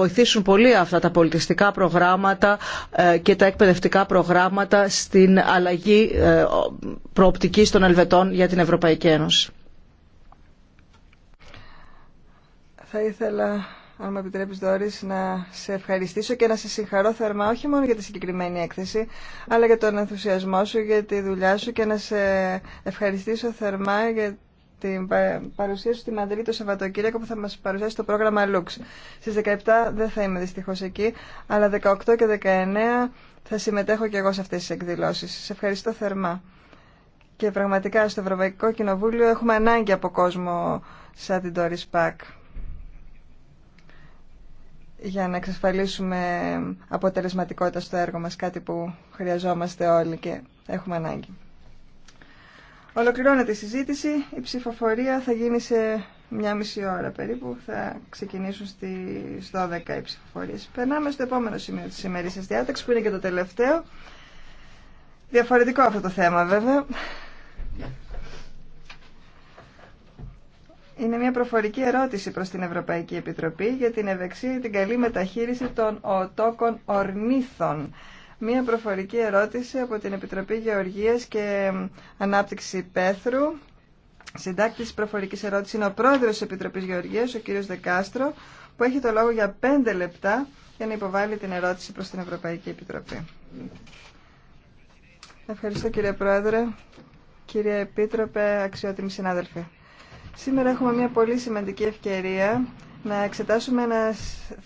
βοηθήσουν πολύ αυτά τα πολιτιστικά προγράμματα ε, και τα εκπαιδευτικά προγράμματα στην αλλαγή ε, προοπτικής των Ελβετών για την Ευρωπαϊκή Ένωση. Θα ήθελα, αν με επιτρέπεις Δόρης, να σε ευχαριστήσω και να σε συγχαρώ θερμά όχι μόνο για τη συγκεκριμένη έκθεση, αλλά για τον ενθουσιασμό σου, για τη δουλειά σου και να σε ευχαριστήσω θερμά για την παρουσίαση στη Μαδρίτη το Σαββατοκύριακο που θα μας παρουσιάσει το πρόγραμμα Lux. Στις 17 δεν θα είμαι δυστυχώς εκεί, αλλά 18 και 19 θα συμμετέχω και εγώ σε αυτές τις εκδηλώσεις. Σε ευχαριστώ θερμά. Και πραγματικά στο Ευρωπαϊκό Κοινοβούλιο έχουμε ανάγκη από κόσμο σαν την Doris Pack για να εξασφαλίσουμε αποτελεσματικότητα στο έργο μας, κάτι που χρειαζόμαστε όλοι και έχουμε ανάγκη. Ολοκληρώνεται η συζήτηση. Η ψηφοφορία θα γίνει σε μια μισή ώρα περίπου. Θα ξεκινήσουν στι 12 οι ψηφοφορίες. Περνάμε στο επόμενο σημείο τη ημερήσια διάταξη, που είναι και το τελευταίο. Διαφορετικό αυτό το θέμα βέβαια. Είναι μια προφορική ερώτηση προς την Ευρωπαϊκή Επιτροπή για την ευεξή την καλή μεταχείριση των οτόκων ορνήθων μία προφορική ερώτηση από την Επιτροπή Γεωργίας και Ανάπτυξη Πέθρου. Συντάκτη τη προφορική ερώτηση είναι ο πρόεδρο τη Επιτροπή Γεωργία, ο κύριος Δεκάστρο, που έχει το λόγο για πέντε λεπτά για να υποβάλει την ερώτηση προ την Ευρωπαϊκή Επιτροπή. Ευχαριστώ κύριε Πρόεδρε, κύριε Επίτροπε, αξιότιμοι συνάδελφοι. Σήμερα έχουμε μια πολύ σημαντική ευκαιρία να εξετάσουμε ένα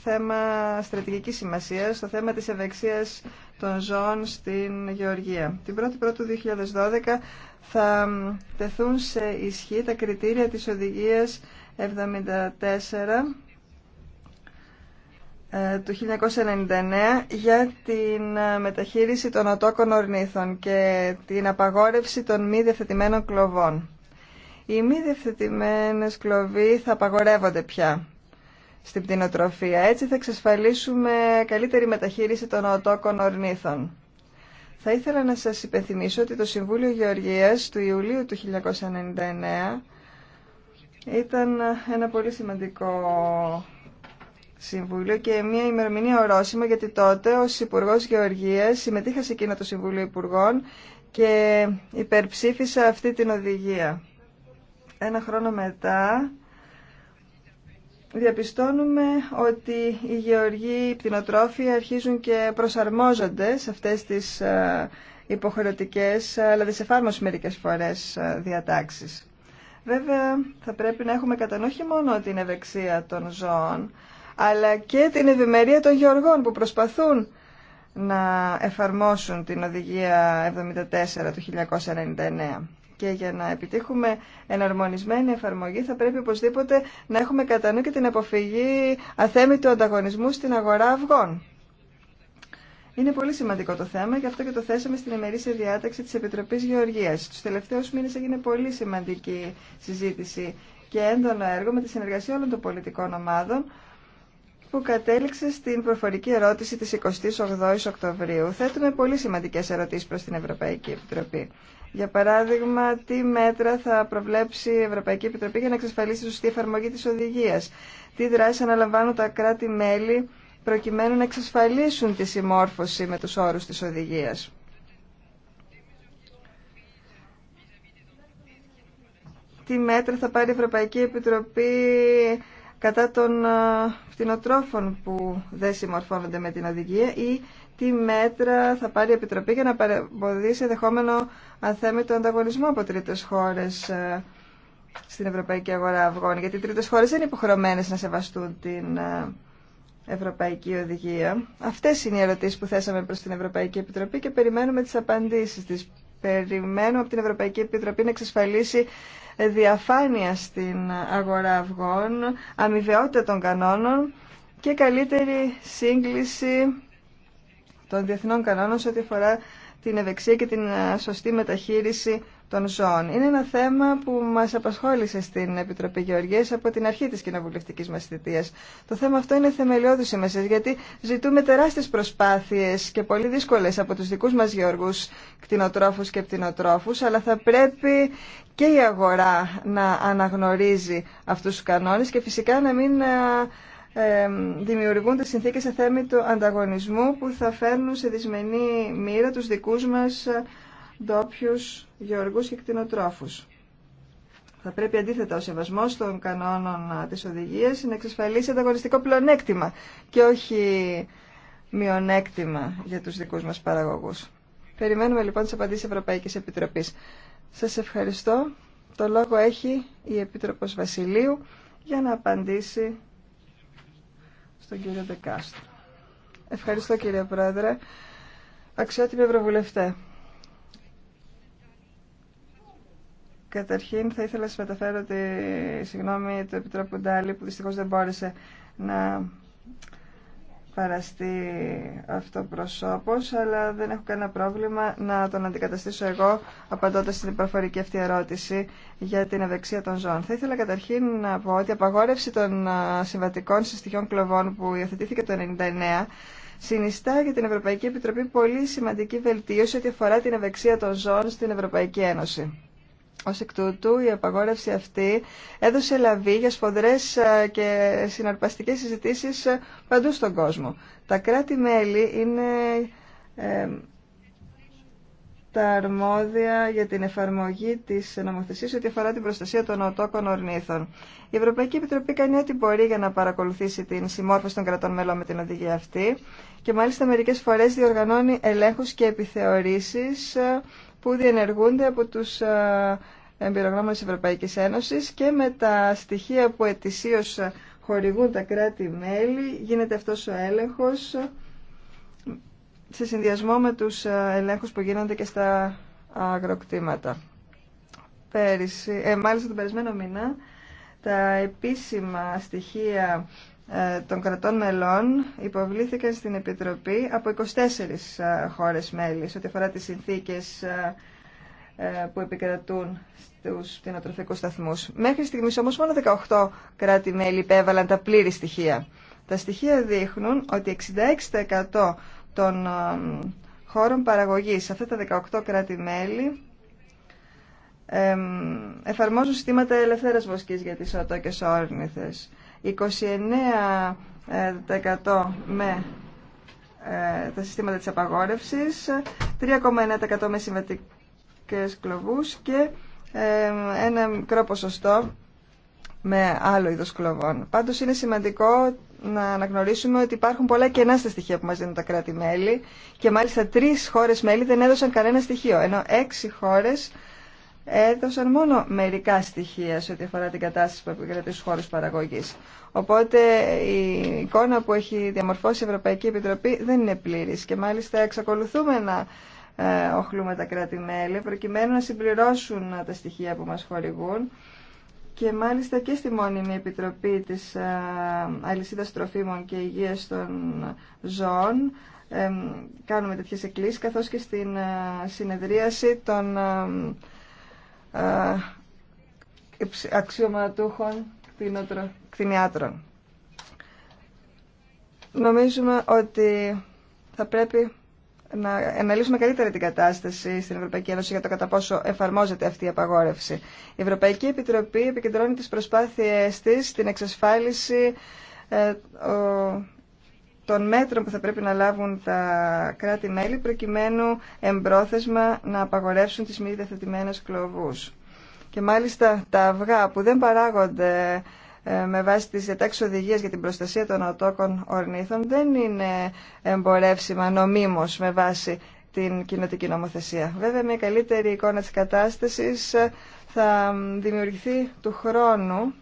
θέμα στρατηγικής σημασίας, το θέμα της ευεξίας των ζώων στην Γεωργία. Την 1η του 2012 θα τεθούν σε ισχύ τα κριτήρια της οδηγίας 74 ε, του 1999 για την ε, μεταχείριση των ατόκων ορνήθων και την απαγόρευση των μη διευθετημένων κλοβών. Οι μη διευθετημένες κλοβοί θα απαγορεύονται πια στην πτηνοτροφία. Έτσι θα εξασφαλίσουμε καλύτερη μεταχείριση των οτόκων ορνήθων. Θα ήθελα να σας υπενθυμίσω ότι το Συμβούλιο Γεωργίας του Ιουλίου του 1999 ήταν ένα πολύ σημαντικό συμβούλιο και μια ημερομηνία ορόσημο γιατί τότε ο Υπουργό Γεωργίας συμμετείχα σε εκείνο το Συμβούλιο Υπουργών και υπερψήφισα αυτή την οδηγία. Ένα χρόνο μετά διαπιστώνουμε ότι οι γεωργοί, οι πτηνοτρόφοι αρχίζουν και προσαρμόζονται σε αυτές τις ε, υποχρεωτικές, ε, αλλά δυσεφάρμοση μερικές φορές ε, διατάξεις. Βέβαια, θα πρέπει να έχουμε κατά μόνο την ευεξία των ζώων, αλλά και την ευημερία των γεωργών που προσπαθούν να εφαρμόσουν την οδηγία 74 του 1999. Και για να επιτύχουμε εναρμονισμένη εφαρμογή θα πρέπει οπωσδήποτε να έχουμε κατά νου και την αποφυγή του ανταγωνισμού στην αγορά αυγών. Είναι πολύ σημαντικό το θέμα και αυτό και το θέσαμε στην ημερήσια διάταξη της Επιτροπής Γεωργίας. Τους τελευταίους μήνες έγινε πολύ σημαντική συζήτηση και έντονο έργο με τη συνεργασία όλων των πολιτικών ομάδων που κατέληξε στην προφορική ερώτηση της 28ης Οκτωβρίου. Θέτουμε πολύ σημαντικές ερωτήσεις προς την Ευρωπαϊκή Επιτροπή. Για παράδειγμα, τι μέτρα θα προβλέψει η Ευρωπαϊκή Επιτροπή για να εξασφαλίσει τη σωστή εφαρμογή της οδηγίας. Τι δράση αναλαμβάνουν τα κράτη-μέλη προκειμένου να εξασφαλίσουν τη συμμόρφωση με τους όρους της οδηγίας. Τι μέτρα θα πάρει η Ευρωπαϊκή Επιτροπή κατά των φτηνοτρόφων που δεν συμμορφώνονται με την οδηγία ή τι μέτρα θα πάρει η Επιτροπή για να παρεμποδίσει ενδεχόμενο αθέμητο ανταγωνισμό από τρίτες χώρες στην ευρωπαϊκή αγορά αυγών, γιατί οι τρίτες χώρες δεν είναι υποχρεωμένες να σεβαστούν την ευρωπαϊκή οδηγία. Αυτές είναι οι ερωτήσεις που θέσαμε προς την Ευρωπαϊκή Επιτροπή και περιμένουμε τις απαντήσεις της περιμένουμε από την Ευρωπαϊκή Επιτροπή να εξασφαλίσει διαφάνεια στην αγορά αυγών, αμοιβαιότητα των κανόνων και καλύτερη σύγκληση των διεθνών κανόνων σε ό,τι αφορά την ευεξία και την σωστή μεταχείριση των Είναι ένα θέμα που μα απασχόλησε στην Επιτροπή Γεωργία από την αρχή τη κοινοβουλευτική μα θητεία. Το θέμα αυτό είναι θεμελιώδη σημασία γιατί ζητούμε τεράστιε προσπάθειε και πολύ δύσκολε από του δικού μα γεωργού κτηνοτρόφου και πτηνοτρόφου, αλλά θα πρέπει και η αγορά να αναγνωρίζει αυτού του κανόνε και φυσικά να μην ε, ε, δημιουργούνται συνθήκες σε θέμα του ανταγωνισμού που θα φέρνουν σε δυσμενή μοίρα τους δικούς μας ντόπιου γεωργούς και κτηνοτρόφους. Θα πρέπει αντίθετα ο σεβασμός των κανόνων της οδηγίας να εξασφαλίσει ανταγωνιστικό πλεονέκτημα και όχι μειονέκτημα για τους δικούς μας παραγωγούς. Περιμένουμε λοιπόν τις απαντήσεις Ευρωπαϊκής Επιτροπής. Σας ευχαριστώ. Το λόγο έχει η Επίτροπος Βασιλείου για να απαντήσει στον κύριο Δεκάστρο. Ευχαριστώ κύριε Πρόεδρε. Αξιότιμοι Ευρωβουλευτέ. Καταρχήν θα ήθελα να σας μεταφέρω τη συγγνώμη του Επιτρόπου Ντάλη που δυστυχώς δεν μπόρεσε να παραστεί αυτό προσώπος, αλλά δεν έχω κανένα πρόβλημα να τον αντικαταστήσω εγώ απαντώντας στην προφορική αυτή ερώτηση για την ευεξία των ζώων. Θα ήθελα καταρχήν να πω ότι η απαγόρευση των συμβατικών συστοιχιών κλωβών που υιοθετήθηκε το 1999 συνιστά για την Ευρωπαϊκή Επιτροπή πολύ σημαντική βελτίωση ό,τι αφορά την ευεξία των ζώων στην Ευρωπαϊκή Ένωση. Ω εκ τούτου η απαγόρευση αυτή έδωσε λαβή για σφοδρέ ε, και συναρπαστικέ συζητήσει ε, παντού στον κόσμο. Τα κράτη-μέλη είναι ε, τα αρμόδια για την εφαρμογή τη νομοθεσία ότι αφορά την προστασία των οτόκων ορνήθων. Η Ευρωπαϊκή Επιτροπή κάνει ό,τι μπορεί για να παρακολουθήσει την συμμόρφωση των κρατών μελών με την οδηγία αυτή και μάλιστα μερικέ φορέ διοργανώνει ελέγχου και επιθεωρήσεις ε, που διενεργούνται από τους ε, εμπειρογνώμονες της Ευρωπαϊκής Ένωσης και με τα στοιχεία που ετησίως χορηγούν τα κράτη-μέλη γίνεται αυτός ο έλεγχος σε συνδυασμό με τους ε, ελέγχους που γίνονται και στα αγροκτήματα. Πέρυσι, ε, μάλιστα τον περισμένο μήνα τα επίσημα στοιχεία ε, των κρατών μελών υποβλήθηκαν στην Επιτροπή από 24 ε, χώρες μέλη ό,τι αφορά τις συνθήκες ε, που επικρατούν στους κτηνοτροφικούς σταθμούς. Μέχρι στιγμής όμως μόνο 18 κράτη-μέλη υπέβαλαν τα πλήρη στοιχεία. Τα στοιχεία δείχνουν ότι 66% των χώρων παραγωγής σε αυτά τα 18 κράτη-μέλη εφαρμόζουν συστήματα ελευθέρας βοσκής για τις οτόκες όρνηθες. 29% ε, με ε, τα συστήματα της απαγόρευσης, 3,9% με συμβατικές κλοβούς και ε, ένα μικρό ποσοστό με άλλο είδος κλοβών. Πάντως είναι σημαντικό να αναγνωρίσουμε ότι υπάρχουν πολλά κενά στα στοιχεία που μας δίνουν τα κράτη-μέλη και μάλιστα τρεις χώρες μέλη δεν έδωσαν κανένα στοιχείο, ενώ έξι χώρες έδωσαν μόνο μερικά στοιχεία σε ό,τι αφορά την κατάσταση που επικρατεί στους χώρους παραγωγής. Οπότε η εικόνα που έχει διαμορφώσει η Ευρωπαϊκή Επιτροπή δεν είναι πλήρης και μάλιστα εξακολουθούμε να ε, οχλούμε τα κράτη-μέλη προκειμένου να συμπληρώσουν τα στοιχεία που μας χορηγούν και μάλιστα και στη μόνιμη επιτροπή της ε, αλυσίδας τροφίμων και υγείας των ζώων ε, κάνουμε τέτοιες εκκλήσεις καθώς και στην συνεδρίαση των αξιωματούχων κτηνιάτρων. Νομίζουμε ότι θα πρέπει να αναλύσουμε καλύτερα την κατάσταση στην Ευρωπαϊκή Ένωση για το κατά πόσο εφαρμόζεται αυτή η απαγόρευση. Η Ευρωπαϊκή Επιτροπή επικεντρώνει τις προσπάθειές της στην εξασφάλιση ε, των μέτρων που θα πρέπει να λάβουν τα κράτη-μέλη προκειμένου εμπρόθεσμα να απαγορεύσουν τις μη διαθετημένες κλωβούς. Και μάλιστα τα αυγά που δεν παράγονται ε, με βάση τις διατάξεις για την προστασία των οτόκων ορνήθων δεν είναι εμπορεύσιμα νομίμως με βάση την κοινοτική νομοθεσία. Βέβαια, μια καλύτερη εικόνα της κατάστασης ε, θα δημιουργηθεί του χρόνου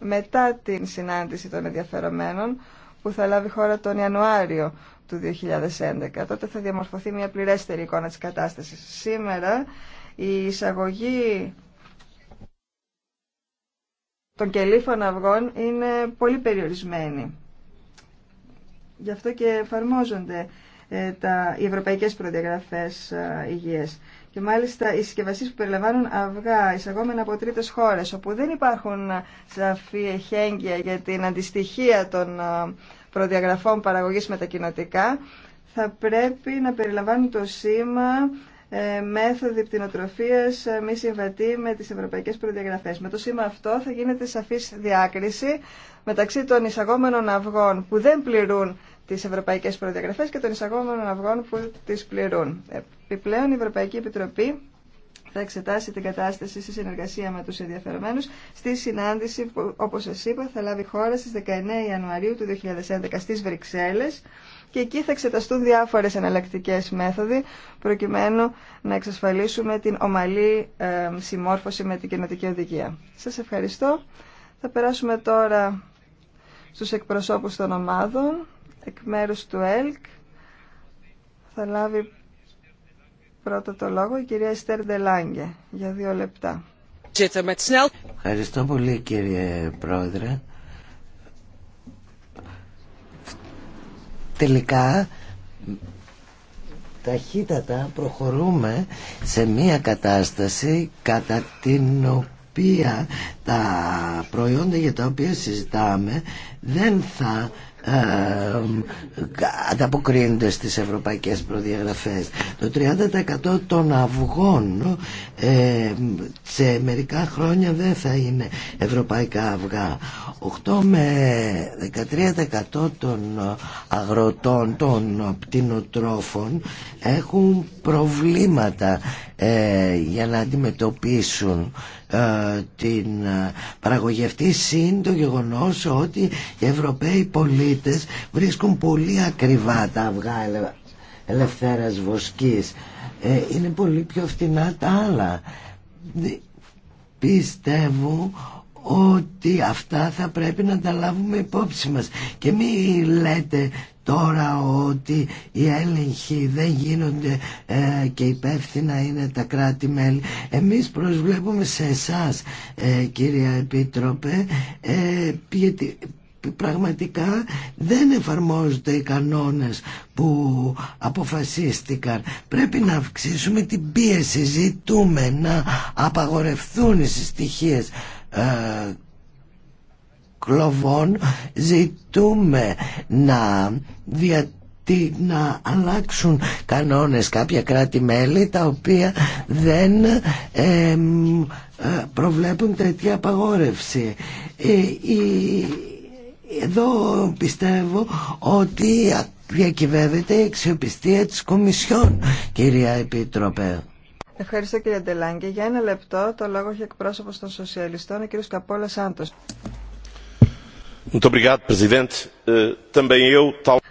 μετά την συνάντηση των ενδιαφερομένων που θα λάβει χώρα τον Ιανουάριο του 2011. Τότε θα διαμορφωθεί μια πληρέστερη εικόνα της κατάστασης. Σήμερα η εισαγωγή των κελίφων αυγών είναι πολύ περιορισμένη. Γι' αυτό και εφαρμόζονται ε, τα, οι ευρωπαϊκές προδιαγραφές ε, υγείας. Και μάλιστα οι συσκευασίε που περιλαμβάνουν αυγά εισαγόμενα από τρίτε χώρε, όπου δεν υπάρχουν σαφή εχέγγυα για την αντιστοιχία των ε, προδιαγραφών παραγωγής μετακινητικά, θα πρέπει να περιλαμβάνουν το σήμα ε, μέθοδοι πτυνοτροφίας ε, μη συμβατή με τι ευρωπαϊκέ προδιαγραφέ. Με το σήμα αυτό θα γίνεται σαφή διάκριση μεταξύ των εισαγόμενων αυγών που δεν πληρούν τις ευρωπαϊκές προδιαγραφές και των εισαγόμενων αυγών που τις πληρούν. Ε, Επιπλέον, η Ευρωπαϊκή Επιτροπή θα εξετάσει την κατάσταση σε συνεργασία με τους ενδιαφερομένους στη συνάντηση που, όπως σας είπα, θα λάβει χώρα στις 19 Ιανουαρίου του 2011 στις Βρυξέλλες και εκεί θα εξεταστούν διάφορες εναλλακτικέ μέθοδοι προκειμένου να εξασφαλίσουμε την ομαλή ε, συμμόρφωση με την κοινοτική οδηγία. Σας ευχαριστώ. Θα περάσουμε τώρα στους εκπροσώπους των ομάδων εκ μέρους του ΕΛΚ. Θα λάβει Πρώτα το λόγο η κυρία Εστέρ για δύο λεπτά. Ευχαριστώ πολύ κύριε Πρόεδρε. Τελικά ταχύτατα προχωρούμε σε μια κατάσταση κατά την οποία τα προϊόντα για τα οποία συζητάμε δεν θα ε, ε, ανταποκρίνονται στις ευρωπαϊκές προδιαγραφές. Το 30% των αυγών ε, σε μερικά χρόνια δεν θα είναι ευρωπαϊκά αυγά. 8 με 13% των αγροτών, των πτηνοτρόφων έχουν προβλήματα ε, για να αντιμετωπίσουν ε, την ε, παραγωγή αυτή σύν το γεγονός ότι οι Ευρωπαίοι πολίτες βρίσκουν πολύ ακριβά τα αυγά ελε, ελευθέρας βοσκής ε, είναι πολύ πιο φτηνά τα άλλα πιστεύω ότι αυτά θα πρέπει να τα λάβουμε υπόψη μας και μη λέτε τώρα ότι οι έλεγχοι δεν γίνονται ε, και υπεύθυνα είναι τα κράτη-μέλη. Εμείς προσβλέπουμε σε εσάς ε, κυρία Επίτροπε ε, γιατί πραγματικά δεν εφαρμόζονται οι κανόνες που αποφασίστηκαν. Πρέπει να αυξήσουμε την πίεση, ζητούμε να απαγορευτούν οι συστοιχίες ε, ζητούμε να δια να αλλάξουν κανόνες κάποια κράτη-μέλη τα οποία δεν ε, προβλέπουν τέτοια απαγόρευση. Ε, εδώ πιστεύω ότι διακυβεύεται η αξιοπιστία της Κομισιόν, κυρία Επίτροπε. Ευχαριστώ κύριε Ντελάνγκη. Για ένα λεπτό το λόγο έχει εκπρόσωπος των Σοσιαλιστών, ο κύριος Καπόλας Άντος. Eh,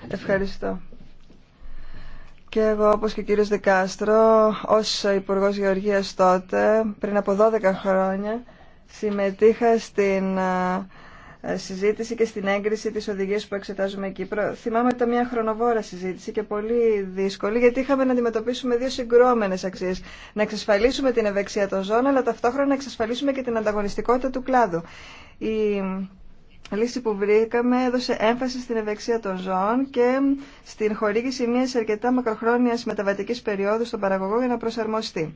Ευχαριστώ. Και εγώ, όπως και ο κύριος Δεκάστρο, ως Υπουργός Γεωργίας τότε, πριν από 12 χρόνια, συμμετείχα στην ε, συζήτηση και στην έγκριση της οδηγίας που εξετάζουμε εκεί. Θυμάμαι ότι ήταν μια χρονοβόρα συζήτηση και πολύ δύσκολη, γιατί είχαμε να αντιμετωπίσουμε δύο συγκρόμενες αξίες. Να εξασφαλίσουμε την ευεξία των ζώων, αλλά ταυτόχρονα να εξασφαλίσουμε και την ανταγωνιστικότητα του κλάδου. Η λύση που βρήκαμε έδωσε έμφαση στην ευεξία των ζώων και στην χορήγηση μια αρκετά μακροχρόνια μεταβατικής περίοδου στον παραγωγό για να προσαρμοστεί.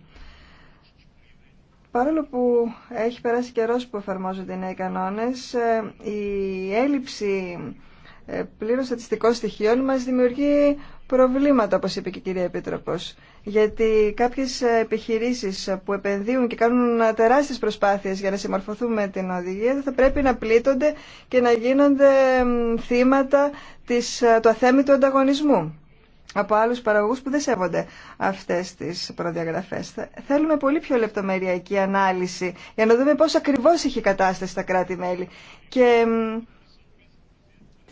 Παρόλο που έχει περάσει καιρό που εφαρμόζονται οι νέοι κανόνες, ε, η έλλειψη ε, πλήρων στατιστικών στοιχείων μα δημιουργεί προβλήματα, όπως είπε και η κυρία Επίτροπος. Γιατί κάποιες επιχειρήσεις που επενδύουν και κάνουν τεράστιες προσπάθειες για να συμμορφωθούν με την οδηγία θα πρέπει να πλήττονται και να γίνονται θύματα της, του αθέμητου ανταγωνισμού από άλλους παραγωγούς που δεν σέβονται αυτές τις προδιαγραφές. Θέλουμε πολύ πιο λεπτομεριακή ανάλυση για να δούμε πώς ακριβώς έχει κατάσταση στα κράτη-μέλη. Και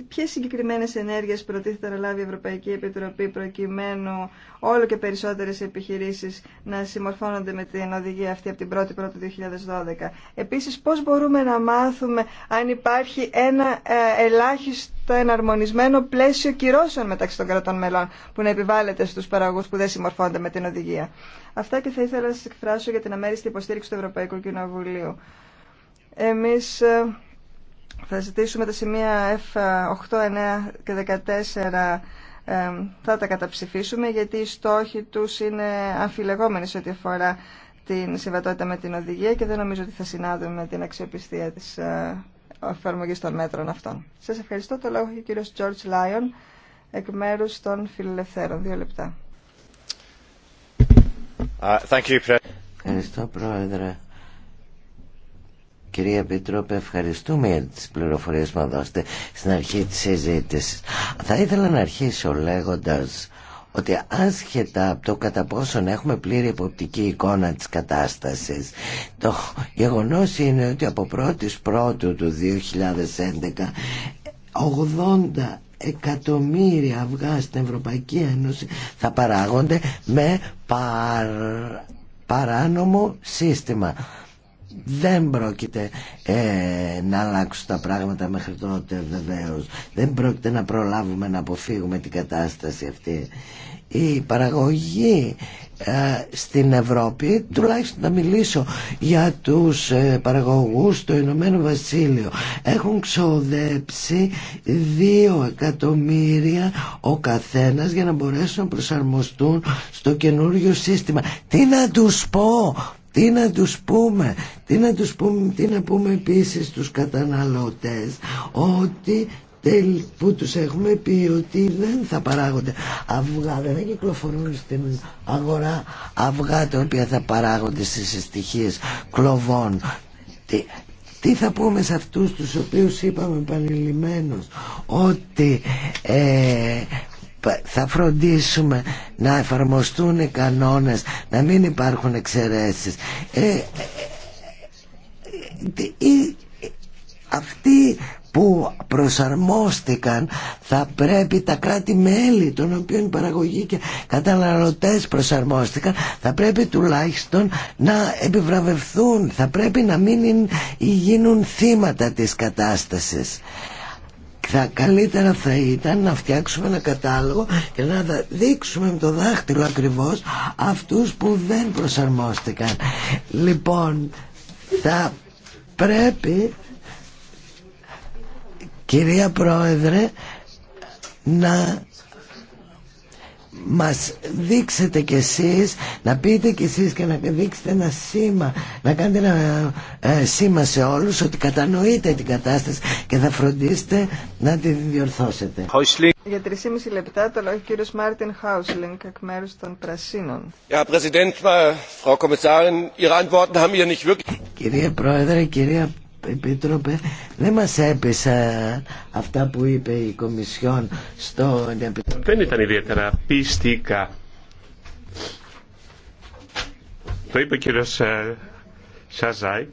ποιες συγκεκριμένες ενέργειες προτίθεται να λάβει η Ευρωπαϊκή Επιτροπή προκειμένου όλο και περισσότερες επιχειρήσεις να συμμορφώνονται με την οδηγία αυτή από την 1η Πρώτη 2012. Επίσης, πώς μπορούμε να μάθουμε αν υπάρχει ένα ε, ελάχιστο εναρμονισμένο πλαίσιο κυρώσεων μεταξύ των κρατών μελών που να επιβάλλεται στους παραγωγούς που δεν συμμορφώνονται με την οδηγία. Αυτά και θα ήθελα να σας εκφράσω για την αμέριστη υποστήριξη του Ευρωπαϊκού Κοινοβουλίου. Εμείς ε, θα ζητήσουμε τα σημεία F8, 9 και 14 θα τα καταψηφίσουμε γιατί οι στόχοι τους είναι αμφιλεγόμενοι σε ό,τι αφορά την συμβατότητα με την οδηγία και δεν νομίζω ότι θα συνάδουμε με την αξιοπιστία της ε, εφαρμογή των μέτρων αυτών. Σας ευχαριστώ. Το λόγο έχει ο κύριος George Lyon εκ μέρους των Φιλελευθέρων. Δύο λεπτά. Uh, ευχαριστώ Πρόεδρε. Κυρία Πίτροπε, ευχαριστούμε για τις πληροφορίες που δώσετε στην αρχή της συζήτηση. Θα ήθελα να αρχίσω λέγοντας ότι άσχετα από το κατά πόσον έχουμε πλήρη υποπτική εικόνα της κατάστασης το γεγονός είναι ότι από πρώτου του 2011 80 εκατομμύρια αυγά στην Ευρωπαϊκή Ένωση θα παράγονται με παράνομο σύστημα δεν πρόκειται ε, να αλλάξουν τα πράγματα μέχρι τότε βεβαίω. Δεν πρόκειται να προλάβουμε να αποφύγουμε την κατάσταση αυτή. Η παραγωγή ε, στην Ευρώπη, τουλάχιστον να μιλήσω για τους ε, παραγωγούς στο Ηνωμένο Βασίλειο, έχουν ξοδέψει δύο εκατομμύρια ο καθένας για να μπορέσουν να προσαρμοστούν στο καινούριο σύστημα. Τι να τους πω τι να τους πούμε, τι να τους πούμε, τι να πούμε επίσης τους καταναλωτές ότι που τους έχουμε πει ότι δεν θα παράγονται αυγά, δεν θα κυκλοφορούν στην αγορά αυγά τα οποία θα παράγονται στις συστοιχίες κλοβών. Τι, τι θα πούμε σε αυτούς τους οποίους είπαμε επανειλημμένως ότι ε, θα φροντίσουμε να εφαρμοστούν οι κανόνες, να μην υπάρχουν εξαιρέσεις. Ε, ε, ε, ε αυτοί που προσαρμόστηκαν θα πρέπει τα κράτη-μέλη των οποίων παραγωγή και καταναλωτές προσαρμόστηκαν θα πρέπει τουλάχιστον να επιβραβευθούν θα πρέπει να μην γίνουν θύματα της κατάστασης θα καλύτερα θα ήταν να φτιάξουμε ένα κατάλογο και να δείξουμε με το δάχτυλο ακριβώς αυτούς που δεν προσαρμόστηκαν. Λοιπόν, θα πρέπει κυρία Πρόεδρε να μας δείξετε κι εσείς να πείτε κι εσείς και να δείξετε ένα σήμα να κάνετε ένα ε, σήμα σε όλους ότι κατανοείτε την κατάσταση και θα φροντίσετε να τη διορθώσετε Για 3,5 λεπτά το λόγο κύριος Μάρτιν Χάουσλινγκ εκ μέρους των Πρασίνων Κυρία Πρόεδρε, κυρία Επίτροπε δεν μας έπεσαν αυτά που είπε η Κομισιόν στο... Επιτροπή. Δεν ήταν ιδιαίτερα πιστικά. Το είπε ο κύριος ε, Σαζάη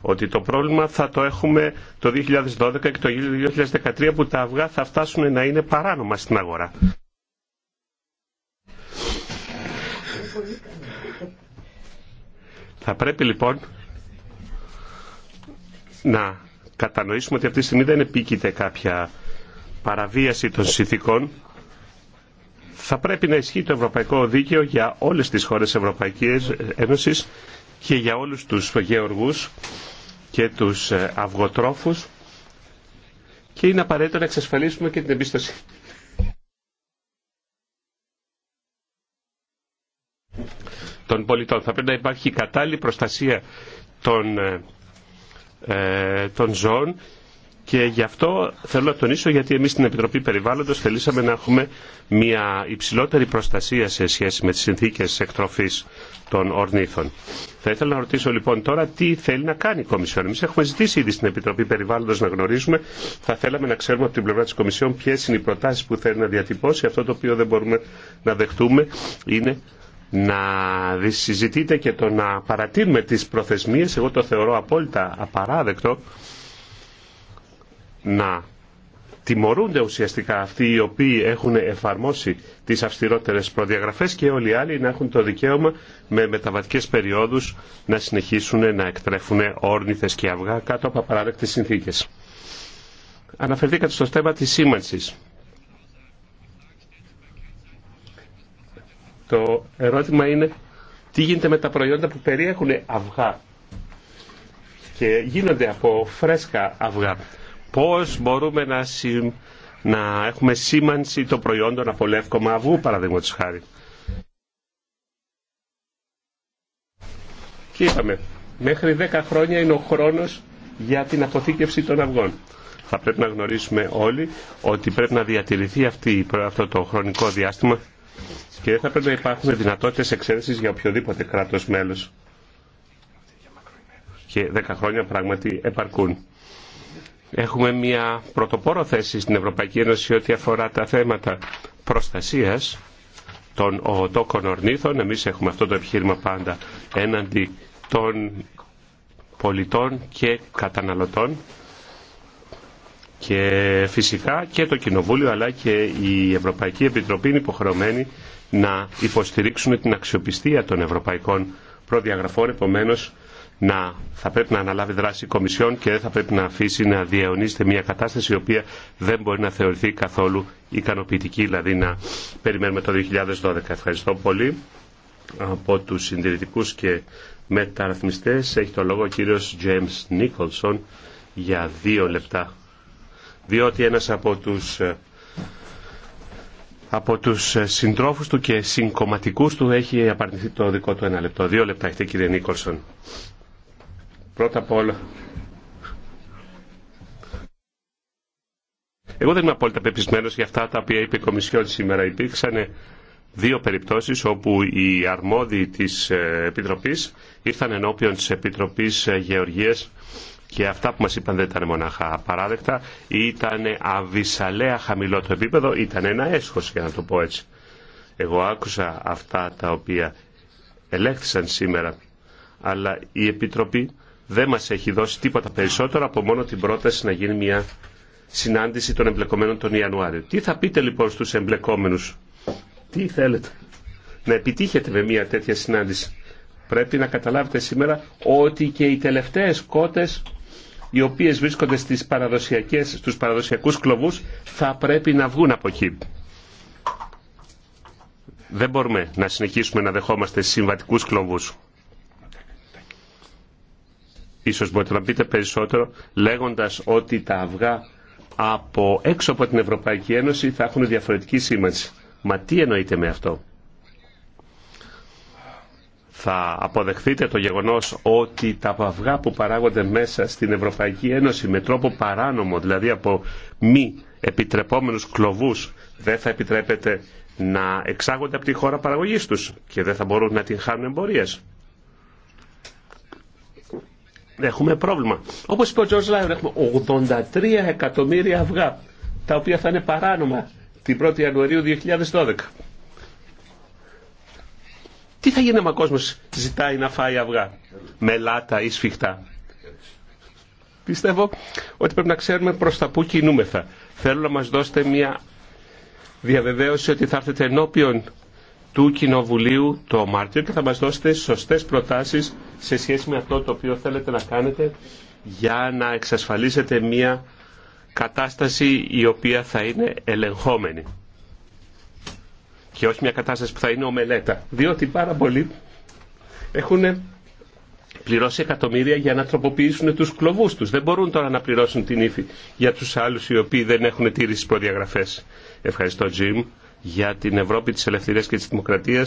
ότι το πρόβλημα θα το έχουμε το 2012 και το 2013 που τα αυγά θα φτάσουν να είναι παράνομα στην αγορά. Θα πρέπει λοιπόν να κατανοήσουμε ότι αυτή τη στιγμή δεν επίκειται κάποια παραβίαση των συνθήκων. Θα πρέπει να ισχύει το ευρωπαϊκό δίκαιο για όλες τις χώρες Ευρωπαϊκής Ένωσης και για όλους τους γεωργούς και τους ε, αυγοτρόφους και είναι απαραίτητο να εξασφαλίσουμε και την εμπιστοσύνη. των πολιτών. Θα πρέπει να υπάρχει κατάλληλη προστασία των ε, ε, των ζώων και γι' αυτό θέλω να τονίσω γιατί εμείς στην Επιτροπή Περιβάλλοντος θελήσαμε να έχουμε μια υψηλότερη προστασία σε σχέση με τις συνθήκες εκτροφής των ορνήθων. Θα ήθελα να ρωτήσω λοιπόν τώρα τι θέλει να κάνει η Κομισιόν. Εμείς έχουμε ζητήσει ήδη στην Επιτροπή Περιβάλλοντος να γνωρίζουμε. Θα θέλαμε να ξέρουμε από την πλευρά τη Κομισιόν ποιε είναι οι προτάσει που θέλει να διατυπώσει. Αυτό το οποίο δεν μπορούμε να δεχτούμε είναι να συζητείτε και το να παρατείνουμε τις προθεσμίες. Εγώ το θεωρώ απόλυτα απαράδεκτο να τιμωρούνται ουσιαστικά αυτοί οι οποίοι έχουν εφαρμόσει τις αυστηρότερες προδιαγραφές και όλοι οι άλλοι να έχουν το δικαίωμα με μεταβατικές περιόδους να συνεχίσουν να εκτρέφουν όρνηθες και αυγά κάτω από απαράδεκτες συνθήκες. Αναφερθήκατε στο θέμα της σήμανσης. Το ερώτημα είναι τι γίνεται με τα προϊόντα που περιέχουν αυγά και γίνονται από φρέσκα αυγά. Πώς μπορούμε να, να έχουμε σήμανση των προϊόντων από λεύκομα αυγού, παραδείγματος χάρη. Και είπαμε, μέχρι 10 χρόνια είναι ο χρόνος για την αποθήκευση των αυγών. Θα πρέπει να γνωρίσουμε όλοι ότι πρέπει να διατηρηθεί αυτή, αυτό το χρονικό διάστημα και δεν θα πρέπει να υπάρχουν δυνατότητε εξαίρεση για οποιοδήποτε κράτος μέλος. Και δέκα χρόνια πράγματι επαρκούν. Έχουμε μια πρωτοπόρο θέση στην Ευρωπαϊκή Ένωση ό,τι αφορά τα θέματα προστασία των οτόκων ορνήθων. Εμείς έχουμε αυτό το επιχείρημα πάντα έναντι των πολιτών και καταναλωτών και φυσικά και το Κοινοβούλιο αλλά και η Ευρωπαϊκή Επιτροπή είναι υποχρεωμένη να υποστηρίξουν την αξιοπιστία των ευρωπαϊκών προδιαγραφών. Επομένω, να, θα πρέπει να αναλάβει δράση η Κομισιόν και δεν θα πρέπει να αφήσει να διαιωνίζεται μια κατάσταση η οποία δεν μπορεί να θεωρηθεί καθόλου ικανοποιητική, δηλαδή να περιμένουμε το 2012. Ευχαριστώ πολύ από τους συντηρητικού και μεταρρυθμιστέ Έχει το λόγο ο κύριο James Nicholson για δύο λεπτά. Διότι ένας από τους ε, από τους συντρόφους του και συγκομματικούς του έχει απαρνηθεί το δικό του ένα λεπτό. Δύο λεπτά έχετε κύριε Νίκολσον. Πρώτα απ' όλα. Εγώ δεν είμαι απόλυτα πεπισμένος για αυτά τα οποία είπε η Κομισιόν σήμερα. Υπήρξαν δύο περιπτώσεις όπου οι αρμόδιοι της Επιτροπής ήρθαν ενώπιον της Επιτροπής Γεωργίας και αυτά που μας είπαν δεν ήταν μονάχα απαράδεκτα, ήταν αβυσαλέα χαμηλό το επίπεδο, ήταν ένα έσχος για να το πω έτσι. Εγώ άκουσα αυτά τα οποία ελέγχθησαν σήμερα, αλλά η Επιτροπή δεν μας έχει δώσει τίποτα περισσότερο από μόνο την πρόταση να γίνει μια συνάντηση των εμπλεκομένων τον Ιανουάριο. Τι θα πείτε λοιπόν στους εμπλεκόμενους, τι θέλετε, να επιτύχετε με μια τέτοια συνάντηση. Πρέπει να καταλάβετε σήμερα ότι και οι τελευταίες κότες οι οποίες βρίσκονται στις παραδοσιακές, στους παραδοσιακούς κλωβούς θα πρέπει να βγουν από εκεί. Δεν μπορούμε να συνεχίσουμε να δεχόμαστε συμβατικούς κλωβούς. Ίσως μπορείτε να πείτε περισσότερο λέγοντας ότι τα αυγά από έξω από την Ευρωπαϊκή Ένωση θα έχουν διαφορετική σήμανση. Μα τι εννοείται με αυτό θα αποδεχθείτε το γεγονός ότι τα αυγά που παράγονται μέσα στην Ευρωπαϊκή Ένωση με τρόπο παράνομο, δηλαδή από μη επιτρεπόμενους κλοβούς, δεν θα επιτρέπεται να εξάγονται από τη χώρα παραγωγής τους και δεν θα μπορούν να την χάνουν εμπορίες. Έχουμε πρόβλημα. Όπως είπε ο Τζορτζ Λάιον, έχουμε 83 εκατομμύρια αυγά, τα οποία θα είναι παράνομα την 1η Ιανουαρίου 2012. Τι θα γίνει με ο κόσμος ζητάει να φάει αυγά με λάτα ή σφιχτά. Πιστεύω ότι πρέπει να ξέρουμε προς τα που κινούμεθα. Θέλω να μας δώσετε μια διαβεβαίωση ότι θα έρθετε ενώπιον του Κοινοβουλίου το Μάρτιο και θα μας δώσετε σωστές προτάσεις σε σχέση με αυτό το οποίο θέλετε να κάνετε για να εξασφαλίσετε μια κατάσταση η οποία θα είναι ελεγχόμενη και όχι μια κατάσταση που θα είναι ομελέτα. Διότι πάρα πολλοί έχουν πληρώσει εκατομμύρια για να τροποποιήσουν του κλοβού του. Δεν μπορούν τώρα να πληρώσουν την ύφη για του άλλου οι οποίοι δεν έχουν τήρηση στι προδιαγραφές. Ευχαριστώ Τζιμ για την Ευρώπη τη ελευθερία και τη Δημοκρατία,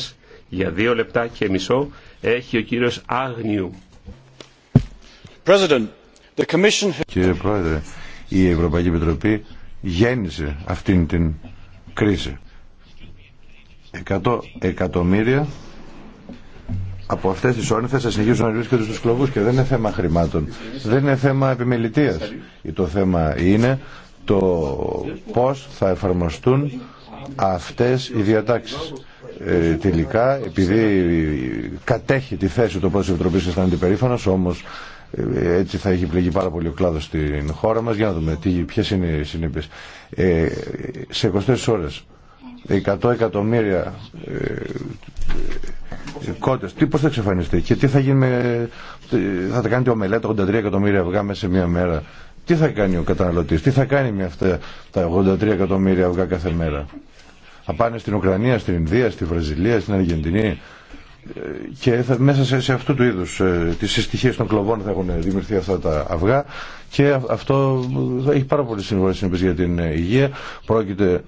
Για δύο λεπτά και μισό έχει ο κύριο Άγνιου. Κύριε Πρόεδρε, η Ευρωπαϊκή Επιτροπή γέννησε αυτήν την κρίση. 100 εκατομμύρια από αυτέ τι όρνηθε θα συνεχίσουν να βρίσκονται στου κλοβού και δεν είναι θέμα χρημάτων. Δεν είναι θέμα επιμελητία. Το θέμα είναι το πώ θα εφαρμοστούν αυτέ οι διατάξει. Ε, τελικά, επειδή κατέχει τη θέση το Ευρωπαϊκή Επιτροπή και αισθάνεται περήφανο, όμω ε, έτσι θα έχει πληγεί πάρα πολύ ο κλάδο στην χώρα μα. Για να δούμε ποιε είναι οι συνέπειε. Ε, σε 24 ώρε 100 εκατομμύρια ε, ε, κότες, τι πώς θα εξαφανιστεί και τι θα γίνει με, θα τα κάνει το ομελέτα 83 εκατομμύρια αυγά μέσα σε μια μέρα τι θα κάνει ο καταναλωτής, τι θα κάνει με αυτά τα 83 εκατομμύρια αυγά κάθε μέρα θα πάνε στην Ουκρανία, στην Ινδία, στη Βραζιλία, στην Αργεντινή ε, και μέσα σε, σε αυτού του είδους ε, τις συστοιχίες των κλοβών θα έχουν δημιουργηθεί αυτά τα αυγά και αυτό θα έχει πάρα πολλές συμβολές για την υγεία πρόκειται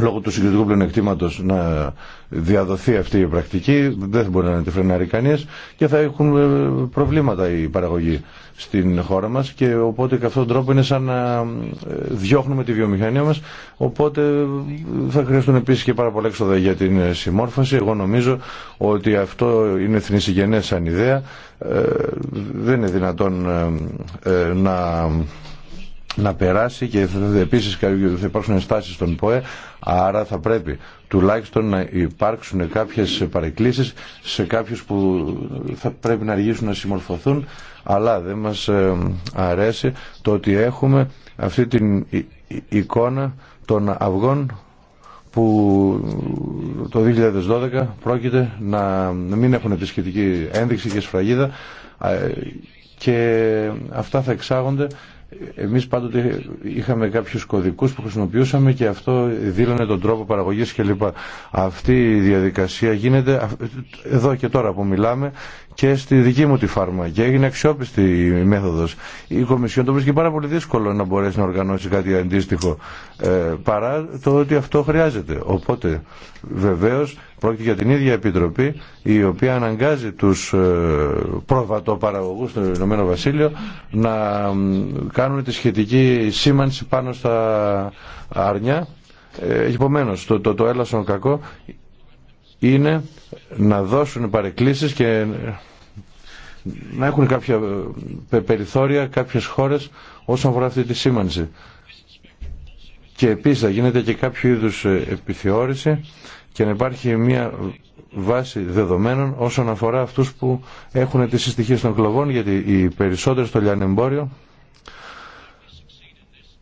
λόγω του συγκριτικού πλεονεκτήματος να διαδοθεί αυτή η πρακτική, δεν μπορεί να τη φρενάρει κανείς και θα έχουν ε, προβλήματα η παραγωγή στην χώρα μας και οπότε και τρόπο είναι σαν να ε, διώχνουμε τη βιομηχανία μας οπότε ε, θα χρειαστούν επίσης και πάρα πολλά έξοδα για την συμμόρφωση εγώ νομίζω ότι αυτό είναι θνησιγενές σαν ιδέα δεν είναι δυνατόν να να περάσει και επίσης θα υπάρξουν στάσεις στον ΠΟΕ άρα θα πρέπει τουλάχιστον να υπάρξουν κάποιες παρεκκλήσεις σε κάποιους που θα πρέπει να αργήσουν να συμμορφωθούν αλλά δεν μας ε, αρέσει το ότι έχουμε αυτή την εικόνα των αυγών που το 2012 πρόκειται να μην έχουν τη σχετική ένδειξη και σφραγίδα ε, και αυτά θα εξάγονται εμείς πάντοτε είχαμε κάποιους κωδικούς που χρησιμοποιούσαμε και αυτό δήλωνε τον τρόπο παραγωγής κλπ. Αυτή η διαδικασία γίνεται εδώ και τώρα που μιλάμε και στη δική μου τη φάρμα και έγινε αξιόπιστη η μέθοδος. Η Κομισιόν το βρίσκει πάρα πολύ δύσκολο να μπορέσει να οργανώσει κάτι αντίστοιχο ε, παρά το ότι αυτό χρειάζεται. Οπότε βεβαίω. Πρόκειται για την ίδια επιτροπή η οποία αναγκάζει τους ε, προβατοπαραγωγούς στο Ηνωμένο Βασίλειο να κάνουν τη σχετική σήμανση πάνω στα αρνιά. Ε, Επομένω, το, το, το έλασον κακό είναι να δώσουν παρεκκλήσεις και να έχουν κάποια ε, περιθώρια κάποιες χώρες όσον αφορά αυτή τη σήμανση. Και επίσης θα γίνεται και κάποιο είδους επιθεώρηση και να υπάρχει μια βάση δεδομένων όσον αφορά αυτούς που έχουν τις συστοιχίες των κλοβών γιατί οι περισσότεροι στο λιανεμπόριο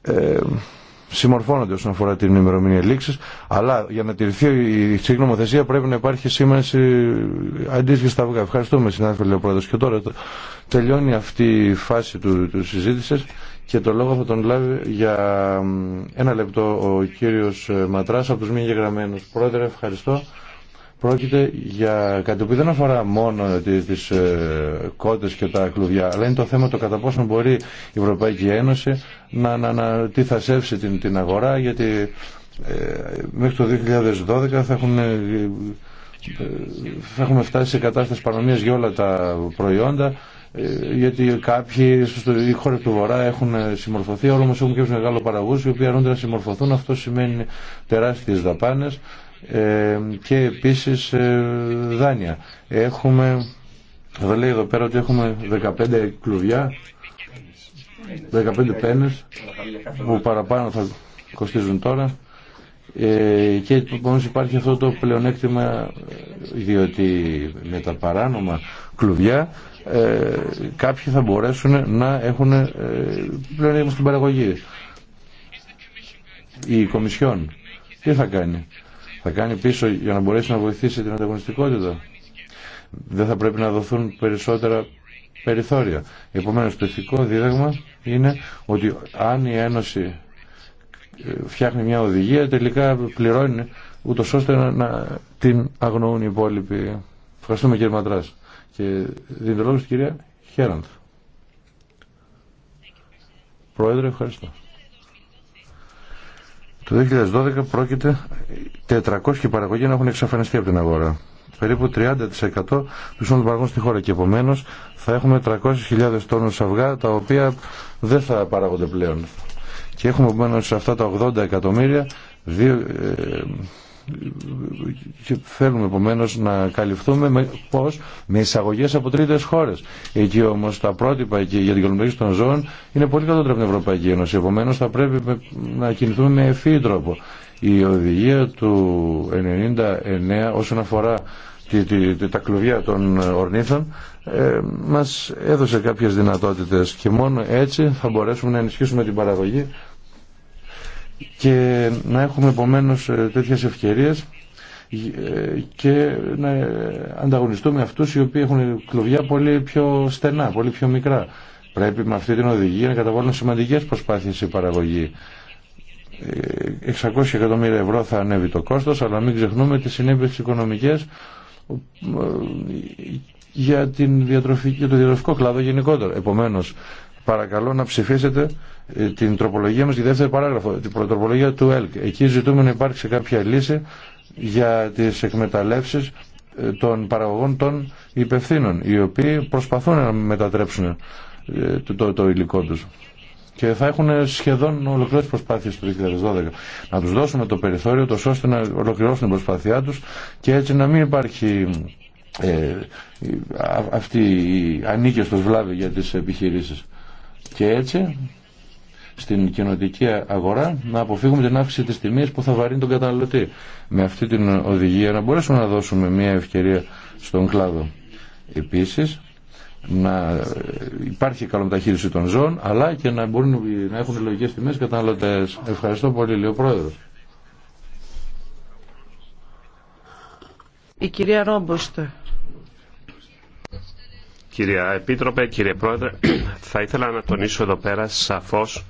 ε, συμμορφώνονται όσον αφορά την ημερομηνία λήξη, αλλά για να τηρηθεί η ξύλινη πρέπει να υπάρχει σήμανση αντίστοιχη στα αυγά. Ευχαριστούμε, συνάδελφε πρόεδρος Και τώρα τελειώνει αυτή η φάση του, του συζήτηση και το λόγο θα τον λάβει για ένα λεπτό ο κύριος ε, Ματράς από τους μη εγγεγραμμένους. Πρόεδρε, ευχαριστώ. Πρόκειται για κάτι που δεν αφορά μόνο τις ε, κότες και τα κλουβιά, αλλά είναι το θέμα το κατά πόσο μπορεί η Ευρωπαϊκή Ένωση να, να, να τι θα σέψει την, την αγορά, γιατί ε, μέχρι το 2012 θα έχουν θα έχουμε φτάσει σε κατάσταση παρανομίας για όλα τα προϊόντα ε, γιατί κάποιοι οι χώρες του Βορρά έχουν ε, συμμορφωθεί, όλοι μας έχουν και μεγάλο παραγούς οι οποίοι αρνούνται να συμμορφωθούν, αυτό σημαίνει τεράστιες δαπάνες ε, και επίσης δάνεια. Έχουμε, εδώ λέει εδώ πέρα ότι έχουμε 15 κλουβιά, 15 πένες που παραπάνω θα κοστίζουν τώρα και όμω υπάρχει αυτό το πλεονέκτημα διότι με τα παράνομα κλουβιά ε, κάποιοι θα μπορέσουν να έχουν ε, πλέον στην παραγωγή. Η Κομισιόν τι θα κάνει. Θα κάνει πίσω για να μπορέσει να βοηθήσει την ανταγωνιστικότητα. Δεν θα πρέπει να δοθούν περισσότερα περιθώρια. Επομένω, το ηθικό δίδαγμα είναι ότι αν η Ένωση ε, φτιάχνει μια οδηγία, τελικά πληρώνει ούτως ώστε να, να την αγνοούν οι υπόλοιποι. Ευχαριστούμε κύριε Ματράς. Και δίνει το στην κυρία Χέραντ. Πρόεδρε, ευχαριστώ. Το 2012 πρόκειται 400 παραγωγή να έχουν εξαφανιστεί από την αγορά. Περίπου 30% του έχουν παραγωγών στη χώρα και επομένω θα έχουμε 300.000 τόνου αυγά τα οποία δεν θα παράγονται πλέον. Και έχουμε επομένω σε αυτά τα 80 εκατομμύρια δύο, ε, και θέλουμε επομένω να καλυφθούμε με, πώς, με εισαγωγές από τρίτες χώρες. Εκεί όμως τα πρότυπα για την κολυμπλογή των ζώων είναι πολύ κατώτερα από την Ευρωπαϊκή Ένωση. Επομένω θα πρέπει να κινηθούμε με ευφύ τρόπο. Η οδηγία του 99 όσον αφορά τη, τα κλουβιά των ορνήθων ε, μας έδωσε κάποιες δυνατότητες και μόνο έτσι θα μπορέσουμε να ενισχύσουμε την παραγωγή και να έχουμε επομένω ε, τέτοιες ευκαιρίες ε, και να ε, ανταγωνιστούμε αυτούς οι οποίοι έχουν κλουβιά πολύ πιο στενά, πολύ πιο μικρά. Πρέπει με αυτή την οδηγία να καταβάλουν σημαντικές προσπάθειες η παραγωγή. 600 εκατομμύρια ευρώ θα ανέβει το κόστος, αλλά μην ξεχνούμε τις συνέπειες οικονομικές για, το διατροφικό κλάδο γενικότερα. Παρακαλώ να ψηφίσετε ε, την τροπολογία μας, τη δεύτερη παράγραφο, την τροπολογία του ΕΛΚ. Εκεί ζητούμε να υπάρξει κάποια λύση για τις εκμεταλλεύσεις ε, των παραγωγών των υπευθύνων, οι οποίοι προσπαθούν να μετατρέψουν ε, το, το, υλικό τους. Και θα έχουν σχεδόν ολοκληρώσει προσπάθειες το 2012. Να τους δώσουμε το περιθώριο τόσο ώστε να ολοκληρώσουν την προσπάθειά τους και έτσι να μην υπάρχει ε, αυτή η ανίκαιστος βλάβη για τις επιχειρήσεις και έτσι στην κοινοτική αγορά να αποφύγουμε την αύξηση της τιμής που θα βαρύνει τον καταναλωτή. Με αυτή την οδηγία να μπορέσουμε να δώσουμε μια ευκαιρία στον κλάδο. Επίσης, να υπάρχει καλομεταχείριση των ζώων, αλλά και να μπορούν να έχουν λογικές τιμές καταναλωτές. Ευχαριστώ πολύ, λέει ο Πρόεδρος. κυρία Κυρία Επίτροπε, κύριε Πρόεδρε, θα ήθελα να τονίσω εδώ πέρα σαφώς